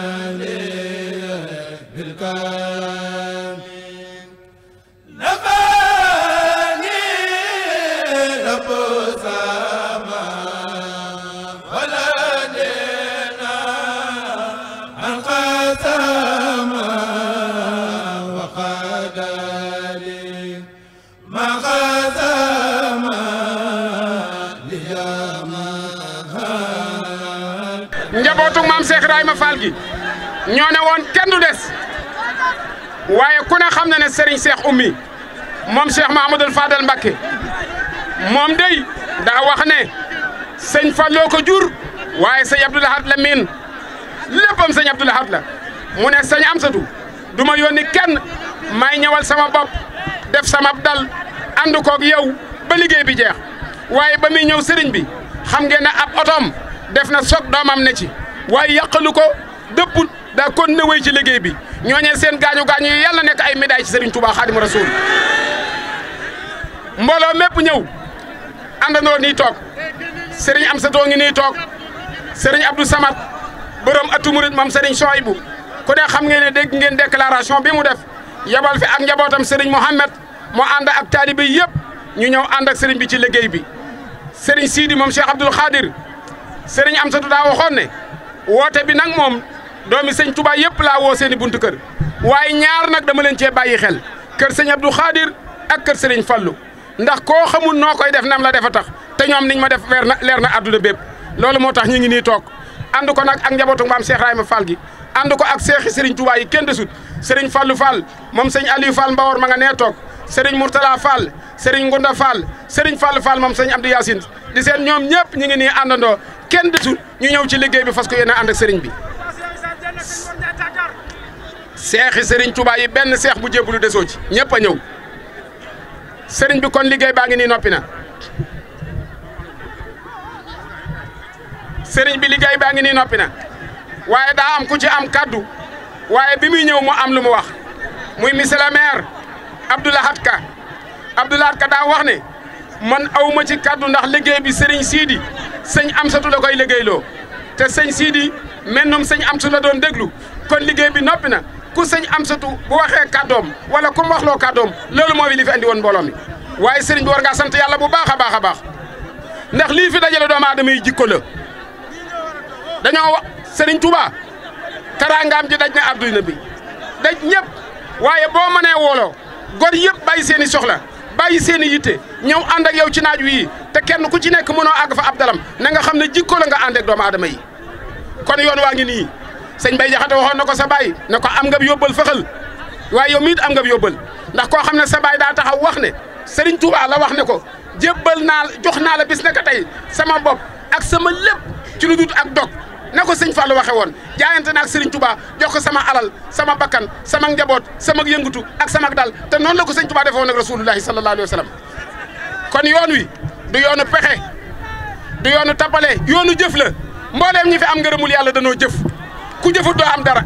Ibrahima Fall gi ñoo ne woon kenn des waaye ku ne xam na ne Serigne Cheikh Oumy moom Cheikh Mahamadul Fadal Mbakke moom day daa wax ne sëñ Falloo ko jur waaye sëñ Abdou Lahad la miin léppam sëñ Abdou Lahad la mu ne sëñ Amsatu du ma yónni kenn may ñëwal sama bopp def sama dal ànd koog yow ba liggéey bi jeex waaye ba muy ñëw sëriñ bi xam ngeen ne ab otoom def na soog doomam ne ci. waaye yàqalu ko dëpput daa kon ne wéy ci liggéey bi ñooñee seen gaañu gaañu yi yàlla nekk ay médaille ci Serigne Touba Xaadimu Rasuul mbooloo mépp ñëw àndandoo nii toog Serigne Amsatou ngi nii toog Serigne Abdou Samad borom atu murid moom Serigne Souhaïbou ku ne xam ngeen ne dégg ngeen déclaration bi mu def yabal fi ak njabootam Serigne Mohamed moo ànd ak taalibe yëpp ñu ñëw ànd ak Serigne bi ci liggéey bi Serigne Sidi moom Cheikh Abdoul Khadir Serigne Amsatou daa ne. woote bi nag moom doomi sëñ Touba yëpp laa woo seeni i buntu kër waaye ñaar nag dama leen cee bàyyi xel kër sëñ du xaadir ak kër sëriñ fallu ndax koo xamul noo koy def nam la defa tax te ñoom niñ ma def leer na leer na àdduna bépp loolu moo tax ñu ngi nii toog ànd ko nag ak njabootu maam Cheikh ma Fall gi ànd ko ak seexi Serigne Touba yi kenn desut Serigne fallu Fall moom sëñ Aliou Fall Mbawor ma nga nee toog Serigne Mourtala fal Serigne Ngunda Fall Serigne Fall Fall moom sëñ Abdou Yacine di seen ñoom ñëpp ñu ngi nii àndandoo kenn desul ñu ñëw ci liggéey bi fas ko yéene ànd ak Serigne bi. seexi sëriñ Touba yi benn seex bu jébbalu desoo ci ñëpp a ñëw Serigne bi kon liggéey baa ngi nii noppi na. Serigne bi liggéey baa ngi nii noppina na waaye daa am ku ci am kaddu waaye bi muy ñëw mu am lu mu wax muy monsieur le maire Abdoulaye Ka daa wax ne man awma ci kàddu ndax liggéey bi sëriñ Sidi sëñ Amsatu la koy liggéeyloo te sëñ Sidi mennum sëñ Amsatu la doon déglu kon liggéey bi noppi na ku sëñ Amsatu bu waxee kàddoom wala ku mu waxloo kàddoom loolu moo fi li andi woon mbooloo mi waaye sëriñ bi war ngaa sant yàlla bu baax a baax a baax ndax lii fi dajale doomu aadama yi jikko la dañoo wax sëriñ Touba teraangaam ji daj na àdduna bi daj ñëpp waaye boo mënee woolo gor yëpp bàyyi seeni soxla. bàyyi seen i yitte ñëw ànd ak yow ci naaj wi te kenn ku ci nekk mën mënoo àgg fa ab dalam na nga xam ne jikko la nga ànd doomu aadama yi kon yoon waa ngi nii sëñ Bay Jaxate waxoon na ko sa baay ne ko am nga yóbbal fëxal waaye yow miit am nga yóbbal ndax koo xam ne sa baay daa taxaw wax ne sëriñ Touba la wax ne ko jébbal naa jox naa la bis naka tey sama bopp ak sama lépp ci lu dut ak dog na ko sëñ Fallou waxee woon jaayante na ak Serigne Touba jox ko sama alal sama bakkan sama njaboot sama yëngatu ak sama dal te noonu la ko sëñ Touba defee woon ak rasulullahi sallallahu alayhi wa sallam kon yoon wi du yoonu pexe du yoonu tappale yoonu jëf la mbooleem ñi fi am ngërëmul yàlla danoo jëf ku jëfut doo am dara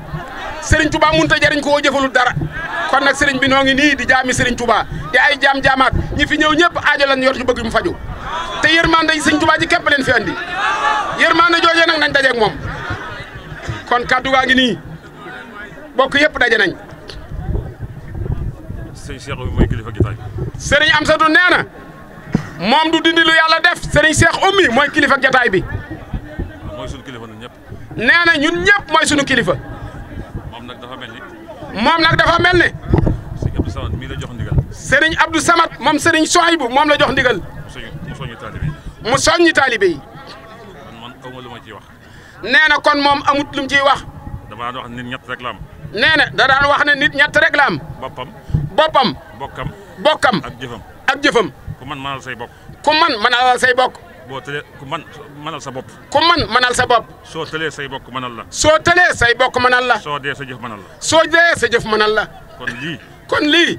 sëriñ Touba mënut a jariñ koo jëfalul dara kon nag Serigne bi noo ngi nii di jaami Serigne Touba di ay jaam jaamaat ñi fi ñëw ñëpp aajo lañ yor ñu bëgg mu fajo te yërmande Serigne Touba ji képp leen fi andi yërmande joojee nag nañ dajeeg moom kon kaddu gaa ngi nii bokk yëpp daje nañ. Serigne Cheikh Oumy mooy kilifa jotaay bi. Serigne Amsatou nee na moom du dindi lu yàlla def Serigne Cheikh Oumy mooy kilifa jotaay bi. mooy ñëpp. nee na ñun ñëpp mooy kilifa. nag dafa mel ni. moom nag dafa mel ni. sëriñ Abdou mii la jox ndigal. sëriñ Abdou Samad moom sëriñ Sohaybu moom la jox ndigal. mu soññi mu soññi taalibe yi. mu soññi taalibe yi. kon man aw ma lu ma ciy wax. nee na kon moom amut lu mu ciy wax. damaa wax nit ñett rek la nee na da daan wax ne nit ñett rek la am. boppam. boppam. bokkam. bokkam ak jëfam. ak jëfam. ku man mënal sey bokk. ku man mënal sey bokk. boo tëlee ku man mënal sa bopp. ku man mënal sa bopp. soo tëlee say bokk mënal la. soo tëlee say bokk mënal la. soo dee sa jëf mënal la. soo dee sa jëf mënal la. kon lii. kon lii.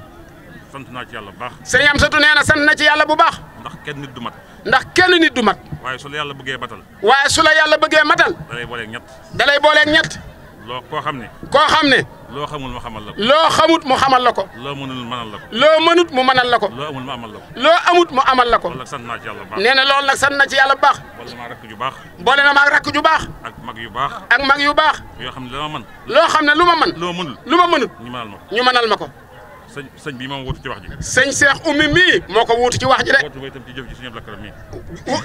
sant naa ci yàlla bu baax. sëñ Amsatu nee na sant na ci yàlla bu baax. ndax kenn nit du mat. ndax kenn nit du mat. waaye su la yàlla bëggee matal. waaye su la yàlla bëggee matal. da lay booleeg ñett. da lay loo koo xam ne. koo xam ne. loo xamul mu xamal la ko. loo xamut mu xamal la ko. loo mënul mënal la ko. loo mënut mu mënal la ko. loo amul amal la ko. loo amut mu amal la ko. loolu nag sant naa ci nee na loolu nag sant na ci yàlla bu baax. boole na maa rakk ju baax. boole na maa rakk ju baax. ak mag yu baax. ak mag yu baax. yoo xam ne lu ma mën. loo xam ne lu ma mën. loo mënul lu ma mënut. ñu mënal ma ko ñu mënal ma ko. sëñ sëñ bii moom wuutu ci wax ji. sëñ Cheikh Oumy mii moo ko wuutu ci wax ji de. wuutu itam ci jëf ji sëñ Abdou Lakaram mii.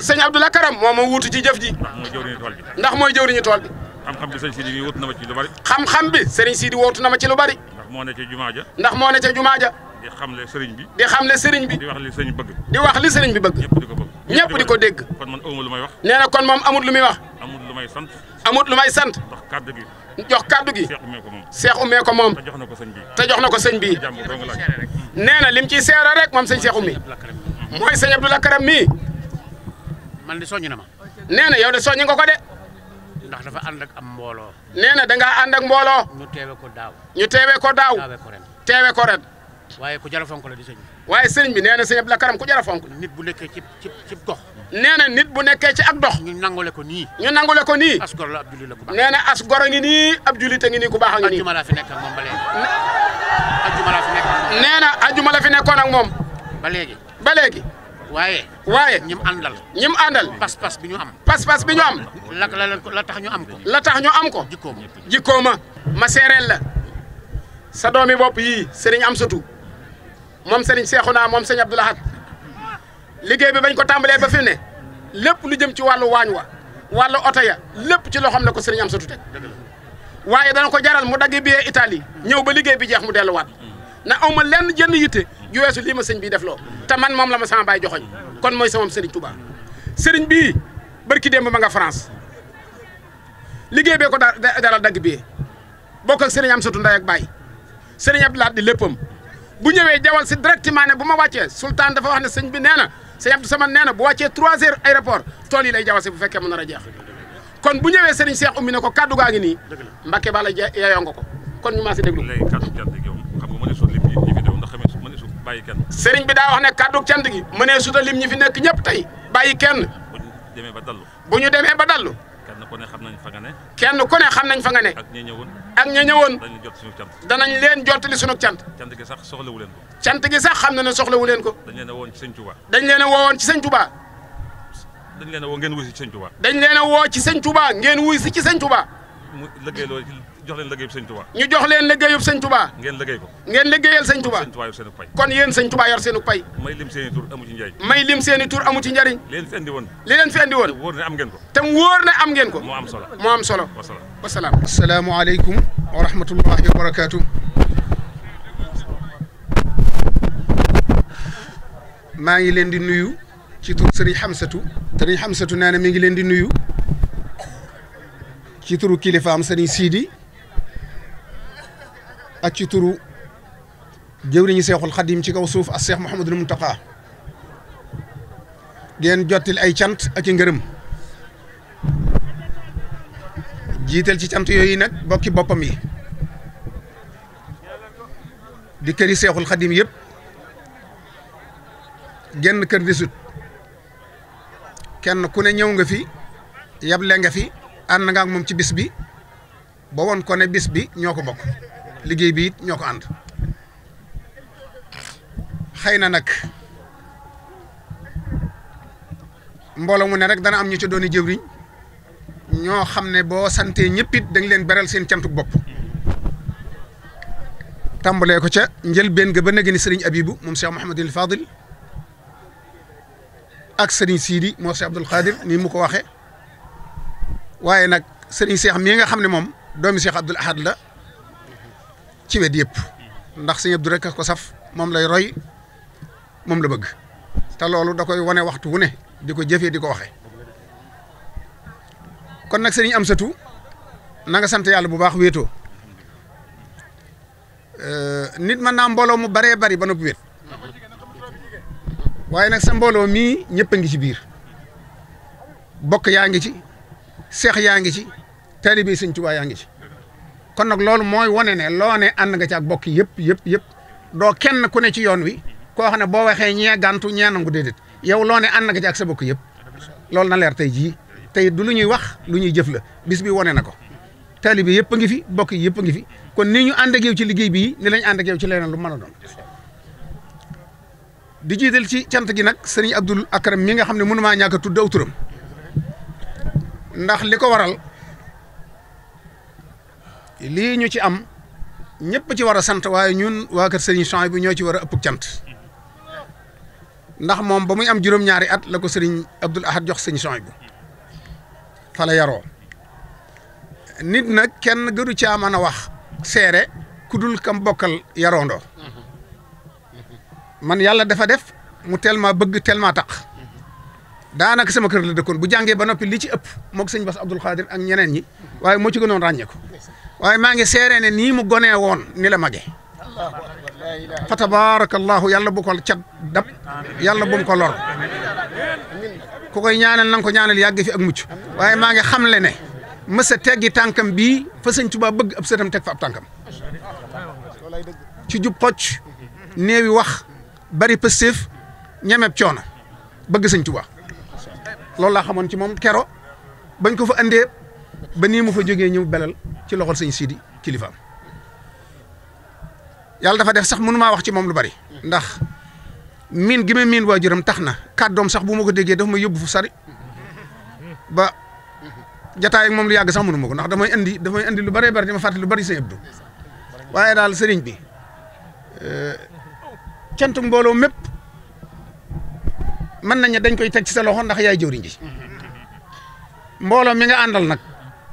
sëñ Abdou Lakaram moo ma wuutu ci jaf ji. ndax mooy jëwriñu tool bi. ndax mooy jëwriñu tool bi. xam-xam bi sëriñ Sidi wut na ma ci lu bari. xam-xam bi sëriñ Sidi wootu na ma ci lu bari. ndax moo ne ca jumaa ja. ndax moo ne di xamle sëriñ bi. sëriñ bi. di wax li sëriñ bi bëgg. ñëpp di ko dégg. kon kon moom amut lu muy wax. amut lu may sant. jox kaddu gi. seex umee ko moom. seex umee ko moom. te jox na ko sëñ bi. te jox na ko sëñ bi. nee na lim ciy seere rek moom sëñ seex umee. mooy sëñ Abdou Lakaram mii. man de na ma. de soññ nga ko de. ndax dafa ànd ak am mbooloo. nee na da ngaa ànd ak mbooloo. ñu teewe ko daaw. ñu teewe ko daaw. teewe ko ren. teewe ko ren. waaye ku jara la di sëñ bi. waaye sëriñ bi nee na sëñ Abdou Karam ku jara fonk la. nit bu nekkee cib ci ci gox. nee na nit bu nekkee ci ak dox. ñu nangule ko nii. ñu nangule ko nii. as gor la ab jullit la ku baax. nee na as a ngi nii ab jullit ku baax a ngi nii. ajjuma la fi nekk ak moom ba léegi. nee na ajjuma la fi nekkoon ak moom. ba léegi. ba léegi. waaye. waaye ñim àndal. ñim àndal pas-pas bi ñu am. pas-pas bi ñu am. la la tax ñu am ko. la tax ñu am ko. jikkooma jikkooma ma seereel la sa doomi bopp yii sëriñ tu moom sëriñ naa moom sëriñ Abdou Lahad liggéey bi bañ ko tàmbalee ba fi ne lépp lu jëm ci wàllu waañ wa wàllu oto ya lépp ci loxoom ne ko sëriñ Amsatu teg waaye dana ko jaral mu dagg biyee Italie ñëw ba liggéey bi jeex mu delluwaat na aw ma lenn jënd yitte. ju weesu lii ma señ bii def loo te man moom la ma sama baay joxoñ kon mooy sama sëriñ Touba sëriñ bii barki démb ma nga France liggéey bee ko dara dagg bi boo ak sëriñ am satu nday ak baay sëriñ Abdou Lahad di léppam bu ñëwee jawal si directement ne bu ma wàccee sultaan dafa wax ne sëñ bi nee na sëñ Abdou Samane nee na bu wàccee 3 heures aéroport tool yi lay jawal si bu fekkee mu nar a jeex kon bu ñëwee seriñ Cheikh Oumy ne ko kaddu gaa ngi nii Mbacke bala yeyoo nga ko kon bàyyi kenn. sëriñ bi daa wax ne kàddu cant gi mënee suta lim ñi fi nekk ñëpp tey bàyyi kenn. bu ñu demee ba dallu. bu ñu demee ba dallu. kenn ku ne xam nañ fa nga ne. kenn ko ne xam nañ fa nga ne. ak ña ñëwoon. ak ña ñëwoon. danañ jot suñu cant. danañ leen jottali suñu cant. cant gi sax soxla wu leen ko. cant gi sax xam na ne soxla wu leen ko. dañ leen a woon ci sëñ Touba. dañ leen a woowoon ci sëñ Touba. dañ leen a woo ngeen wuy si ci sëñ Touba. dañ leen a woo ci sëñ ngeen wuy si ci sëñ Touba. mu liggéey loolu jox leen liggéeyub sëñ Touba ñu jox leen liggéeyub sëñ Touba ngeen liggéey ngeen liggéeyal sëñ Touba kon yéen sëñ Touba yor seenu pay may lim seeni tur amu ci njariñ may lim seeni tur amu ci njariñ leen fi woon li leen fi andi woon wóor ne am ngeen ko te wóor ne am ngeen ko moo am solo moo am solo wasalaam asalaamu aleykum wa rahmatullahi wa barakaatu maa ngi leen di nuyu ci tur sëriñ Xamsatu sëriñ Xamsatu nee na mi ngi leen di nuyu ci turu kilifaam sëriñ Sidi ak ci turu jëwriñu seexul xadim ci kaw suuf ak seex Muhammadul mu di leen jottil ay cant ak i ngërëm jiital ci cant yooyu nag bokki boppam yi di këri seexul xadim yépp genn kër desut kenn ku ne ñëw nga fi yable nga fi ànd nga moom ci bis bi ba woon ko bis bi ñoo ko bokk liggéey bi ñoo ko ànd xëy na nag mbooloo mu ne rek dana am ñu ci doon jëwriñ ñoo xam ne boo santee ñëpp it dañ leen beral seen cantuk bopp tàmbalee ko ca njëlbeen ga ba nag ni sëriñ Abibu moom Cheikh Mouhamadul Fadil ak sëriñ Sidi moo Cheikh Abdoul Khadir nii mu ko waxee waaye nag sëriñ Cheikh mii nga xam ne moom doomi Cheikh Abdoul Ahad la. ci wet yëpp ndax sëñ Abdou rek ko saf moom lay roy moom la bëgg te loolu da koy wane waxtu wu ne di ko jëfee di ko waxee kon nag am sa na nanga sant yàlla bu baax wéetoo nit mën naa mbooloo mu baree bari ba noppi wéet waaye nag sa mbooloo mii ñëpp a ngi ci biir bokk yaa ngi ci seex yaa ngi ci taalibe Sëñ Tuubaa yaa ngi ci kon nag loolu mooy wane ne loo ne ànd nga ci ak bokk yëpp yëpp yëpp doo kenn ku ne ci yoon wi koo xam ne boo waxee ñee gàntu ñee nangu déedéet yow loo ne ànd nga ci ak sa bokk yëpp loolu na leer tey jii tey du lu ñuy wax lu ñuy jëf la bis bi wane na ko taalibe yëpp a ngi fi bokk yi yëpp a ngi fi kon nii ñu ànd ak ci liggéey bii ni lañ ànd ak ci leneen lu mën a doon di jiital ci cant gi nag sëriñ Abdul Akram mi nga xam ne mënumaa ñàkk a tudd aw turam ndax li ko waral lii ñu ci am ñëpp ci war a sant waaye ñun waa kër sëriñ Souhaïbou ñoo ci war a ëpp cant ndax moom ba muy am juróom-ñaari at la ko sëriñ Abdoul Ahad jox sëriñ Souhaïbou fa la yaroo nit nag kenn gënu caa mën a wax seere ku dul kam bokkal yaroondoo man yàlla dafa def mu tellement bëgg tellement taq daanaka sama kër la dëkkoon bu jàngee ba noppi li ci ëpp moog sëñ Bass Abdoul Khadir ak ñeneen ñi waaye moo ci gënoon ràññeeku waaye maa ngi seere ne nii mu gone woon ni la mage fa tabarakallahu yàlla bu ko cat dab yàlla bu mu ko lor ku koy ñaanal na ko ñaanal yàgg fi ak mucc waaye maa ngi xamle ne mës a teggi tànkam bii fa sëñ bëgg ab sëtam teg fa ab tànkam ci jub xocc néewi wax bari pëstéef ñemeb coono bëgg sëñ Tuubaa laa xamoon ci moom kero bañ ko fa andee ba nii mu fa jógee ñëw belal ci loxol sëñ Sidi kilifaam yàlla dafa def sax mënumaa wax ci moom lu bari ndax miin gi ma miin waajuram tax na kàddoom sax bu ma ko déggee daf ma yóbbu fu sari ba jataay moom lu yàgg sax mënu ma ko ndax damay indi damay indi lu bëree bëri di ma fàttali lu bëri sëñ Abdou waaye daal sëriñ bi eh, cant mbooloo mépp mën nañ dañ koy teg ci sa loxo ndax yaay jëwriñ ji mbooloo mi nga nag.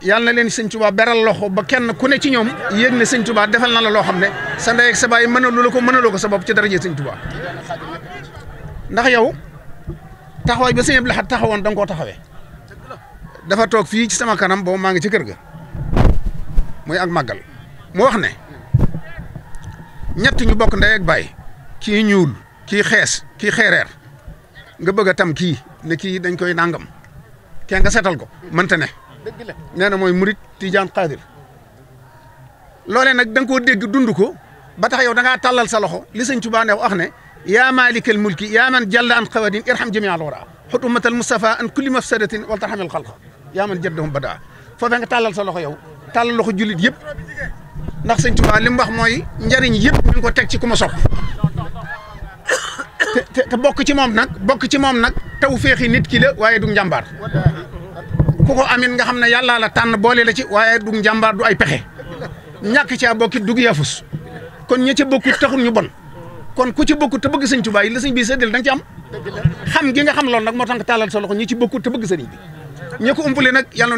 yàlla na leen sëñ Tuubaa beral loxo ba kenn ku ne ci ñoom yéeg ne sëñ defal na la loo xam ne sa ndey ak sa baay mënalu la ko mënaloo ko sa bopp ci daraje sëñ ndax yow taxawaay ba sëñ Abdou Lahad taxawoon da nga koo taxawee dafa toog fii ci sama kanam boobu maa ngi ci kër ga muy ak màggal mu wax ne ñett ñu bokk ndey ak baay kii ñuul kii xees kii xeereer nga bëgg a tam kii ne kii dañ koy nangam kenn nga seetal ko mënta ne. dëgg la nee mooy murit tijaan xaadir loolee nag dang nga koo dégg dund ko ba tax yow da ngaa tàllal sa loxo li sëñ Tuubaa ne wax ne yaa maalikal mulki yaa man jalla an xawadin irham jamia al wara xut ummatal Mustafa an kulli mafsadatin wal tarhamil xalqa yaa man jaddahum badaa foofee nga tàllal sa loxo yow tàllal loxo jullit yépp ndax sëñ Tuubaa li mu wax mooy njariñ yëpp mi ngi ko teg ci ku ma sopp te te bokk ci moom nag bokk ci moom nag taw féexi nit ki waaye du njàmbaar ku ko amin nga xam ne yàllaa la tànn boole la ci waaye dug njàmbaar du ay pexe ñàkk caa bokkit dug yafus kon ña ca bokkut taxul ñu bon kon ku ci bokkut te bëgg sëñ Tuubaa yi la sëñ bi séddale da am xam gi nga xam loolu nag moo tax nga tàllal sa loxo ñi ci bokkut te bëgg sëñ bi ña ko umpale nag yàlla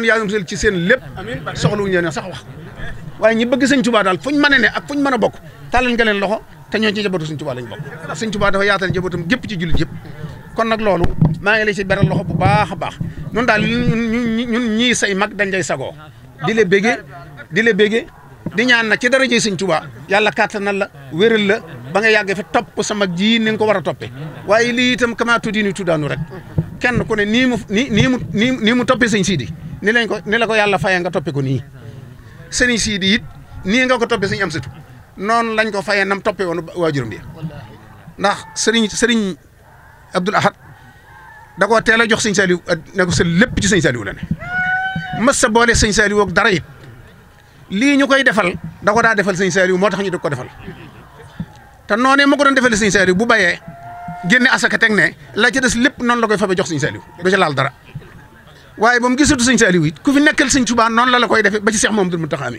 ci seen lépp soxlu ñeen sax wax waaye ñi bëgg sëñ Tuubaa daal fuñ mën a ne ak fuñ mën a bokk tàllal nga leen loxo te ñoo ci njabootu sëñ Tuubaa lañ bokk sëñ Tuubaa dafa yaatal njabootam gépp ci jullit yëpp kon nag loolu maa ngi lay ci beral loxo bu baax a baax ñun daal ñun ñun ñii say mag dañ lay sagoo di la bége di la bége di ñaan nag ci dara ji Sëñ Tuubaa yàlla kàttanal la wéral la ba nga yàgg fi topp sa mag ji ni ko war a toppee waaye lii itam kamaa tuddiinu tuddaanu rek kenn ku ne nii mu nii nii mu nii nii mu toppee Sëñ Sidi ni lañ ko ni la ko yàlla fayee nga toppee ko nii Sëñ Sidi it nii nga ko toppee am Amsatu noonu lañ ko fayee nam toppee woon waajuram bi ndax sëriñ sëriñ Abdoul Ahad da koo teel a jox sëñ Saliou eh, ne ko sa lépp ci sëñ Saliou la mas mës sa boole sëñ Saliou ak dara it lii ñu koy defal da ko daa defal sëñ Saliou moo tax ñu di ko defal te noonee ma ko doon defal sëñ Saliou bu bayee génne asaka teg ne la ca des lépp noonu la koy fabe jox sëñ Saliou du laal dara waaye ba mu gisatu sëñ Saliou it ku fi nekkal sëñ Tuubaa noonu la la koy defee ba ci Seex Mamadu Muntaxa mi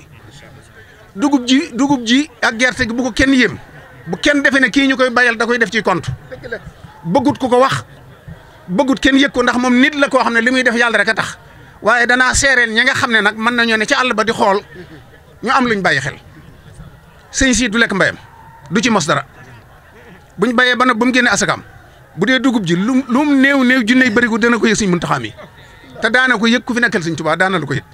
dugub ji dugub ji ak gerte gi bu kenn yéem bu kenn defe ne kii ñu koy bayal da koy def ci compte bëggut ku ko wax bëggut kenn yëg ko ndax moom nit la koo xam ne li muy def yàlla rek a tax waaye danaa seereel ñi nga xam ne nag mën nañoo ne ci àll ba di xool ñu am lu ñu bàyyi xel sëñ si du lekk mbayam du ci mos dara buñ bayee ba nag bu mu génnee asakaam bu dee dugub ji lu lu mu néew néew junney bërigu dana ko yëg sëñ Muntaxa mi te daana ko yëg ku fi nekkal sëñ Tuubaa daana lu ko yëg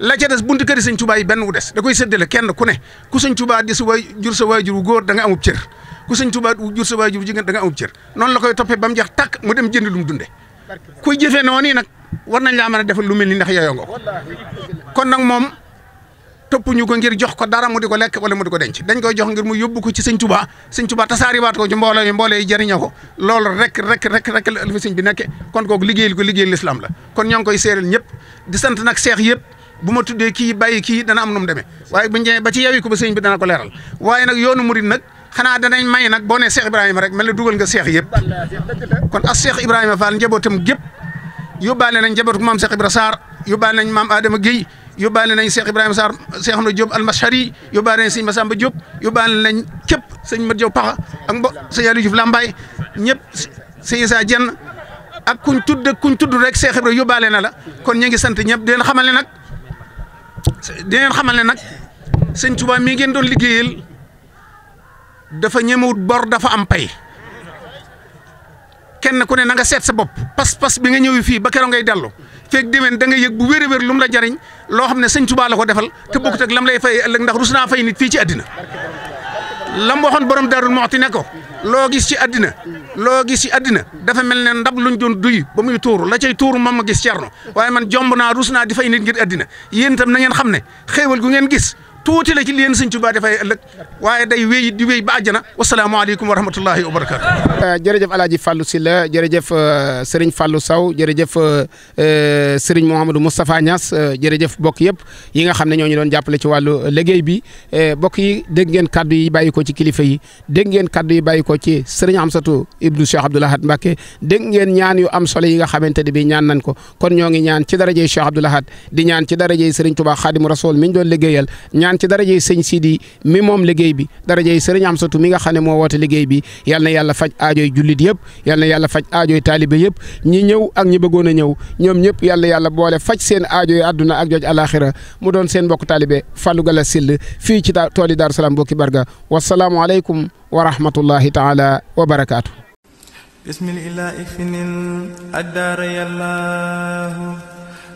la ca des buntu këri sëñ Tuubaa yi benn wu des da koy séddale kenn ku ne ku sëñ Tuubaa di sa waay jur waay jur góor da nga ku sëñ Tuubaa jur sa waajur jigéen da nga amub cër noonu la toppee ba mu jeex tàkk mu dem jënd lu mu dunde kuy jëfee noonu yi nag war nañ laa mën a defal lu mel ni ndax yeyoo nga kon nag moom topp ñu ko ngir jox ko dara mu di ko lekk wala mu di ko denc dañ koy jox ngir mu yóbbu ko ci sëñ Tuubaa sëñ Tuubaa tasaariwaat ko ci mbooloo yi mboole yi jëriñoo ko loolu rek rek rek rek la fi sëñ bi nekke kon kooku liggéeyal ko liggéeyal lislaam la kon ñoo ngi koy séeral ñëpp di sant nag seex yëpp bu ma tuddee kii bàyyi kii dana am nu mu demee waaye buñ demee ba ci yewi ko sëñ bi dana ko leeral waaye nag yoonu murid nag xanaa danañ may nag boo nee Cheikh Ibrahima rek mel na dugal nga seex yëpp kon as Cheikh Ibrahima Fall njabootam gépp yóbbaale nañ njabootu maam Cheikh Ibrahima Sarr yóbbaale nañ maam Adama Guèye yóbbaale nañ Cheikh Ibrahima Sarr Cheikh Ahmadou Diop almashari yóbbaale nañ sëñ Massamba Diop yóbbaale nañ képp sëñ Mat Diop Paxa ak mbo sëñ Aliou Diouf Lambaye ñëpp sëñ Issa Dieng ak kuñ tudd kuñ tudd rek Cheikh Ibrahima yóbbaale na la kon ñu ngi sant ñëpp di leen xamal ne nag di leen xamal ne nag sëñ Touba mi ngeen doon liggéeyal dafa ñemewut bor dafa am pay kenn ku ne na nga seet sa bopp pas-pas bi nga ñëwee fii ba keroog ngay dellu feeg déwén da nga yëg bu wér a wér mu la jariñ loo xam ne sëñ Tuubaa la ko defal te bokkut ak lam lay fay ëllëg ndax rus naa fay nit fii ci àddina lam waxoon borom Daarul Muxti ne ko loo gis ci àddina loo gis àddina dafa mel ne ndab luñ doon duy ba muy tuuru la cay tuuru moom ma gis cerno waaye man jomb naa rus naa di fay nit ngir àddina yéen itam na ngeen xam ne xéewal gu ngeen gis tuuti la ci leen sëñ Tuubaa dafay ëllëg waaye day wéy di wéy ba àjjana wasalaamaaleykum wa rahmatullahi wa barakaatu. Euh, jërëjëf El Hadj Fallou Sylla jërëjëf euh, Serigne Fallou Sow jërëjëf euh, Serigne Mouhamadou Moustapha Niass jërëjëf bokk yëpp yi nga xam ne ñoo ñu doon jàppale ci wàllu liggéey bi bokk yi dégg ngeen kaddu yi bàyyi ko ci kilifa yi dégg ngeen kaddu yi bàyyi ko ci Serigne Amsatou Ibnu Cheikh Abdoul Ahad Mbacké dégg ngeen ñaan yu am solo yi nga xamante ne bii ñaan nañ ko kon ñoo ngi ñaan ci darajey yi Abdoul Ahad di ñaan ci darajey Serigne Touba Khadimou Rasoul mi ñu doon liggéeyal ñaan ci darajey sëñ Sidi mi moom liggéey bi darajey sëriñ Amsatu mi nga xam ne moo woote liggéey bi yal na yàlla faj aajoy jullit yëpp yal na yàlla faj aajoy taalibe yëpp ñi ñëw ak ñi bëggoon a ñëw ñoom ñëpp yal na yàlla boole faj seen aajoy àdduna ak jooj alaxira mu doon seen mbokk taalibe Fallou Gala Sill fii ci tooli Daaru Salaam bokki barga wasalaamu aleykum wa rahmatullahi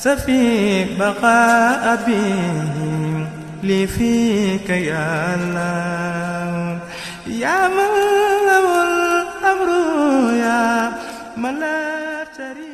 سفي بقاء بهم لي فيك يا الله يا من له الأمر يا من لا شريك